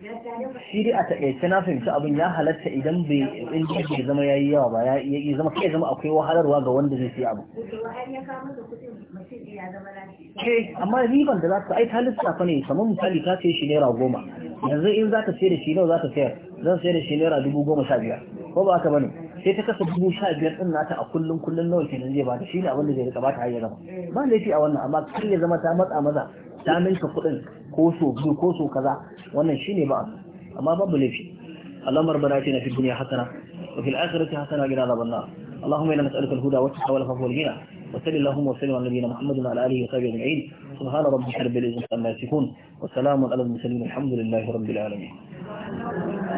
shi dai a taƙaice na fahimci abin ya halatta idan bai in bai zama ya yi yawa ba ya zama kai zama akwai wahalarwa ga wanda zai siya abu ke amma riban da za ta ai ta fa ne kamar misali ta sai shi naira goma yanzu in za ta sayar da shi nawa za ta sayar zan sayar da shi naira dubu goma sha biyar ko ba haka bane sai ta kasa dubu sha biyar din nata a kullum kullum nawa kenan zai bata shi ne abin da zai rika bata har ya zama. ba laifi a wannan amma kai ya zama ta matsa maza ta minka kuɗin ko so biyu ko so kaza wannan shine ba amma babu laifi اللهم ربنا اتنا في الدنيا حسنه وفي الاخره حسنه وقنا عذاب النار اللهم انا نسالك الهدى والتقى والعفو والغنى وصل اللهم وسلم على نبينا محمد وعلى اله وصحبه اجمعين سبحان ربك رب العزه عما يصفون وسلام على المرسلين الحمد لله رب العالمين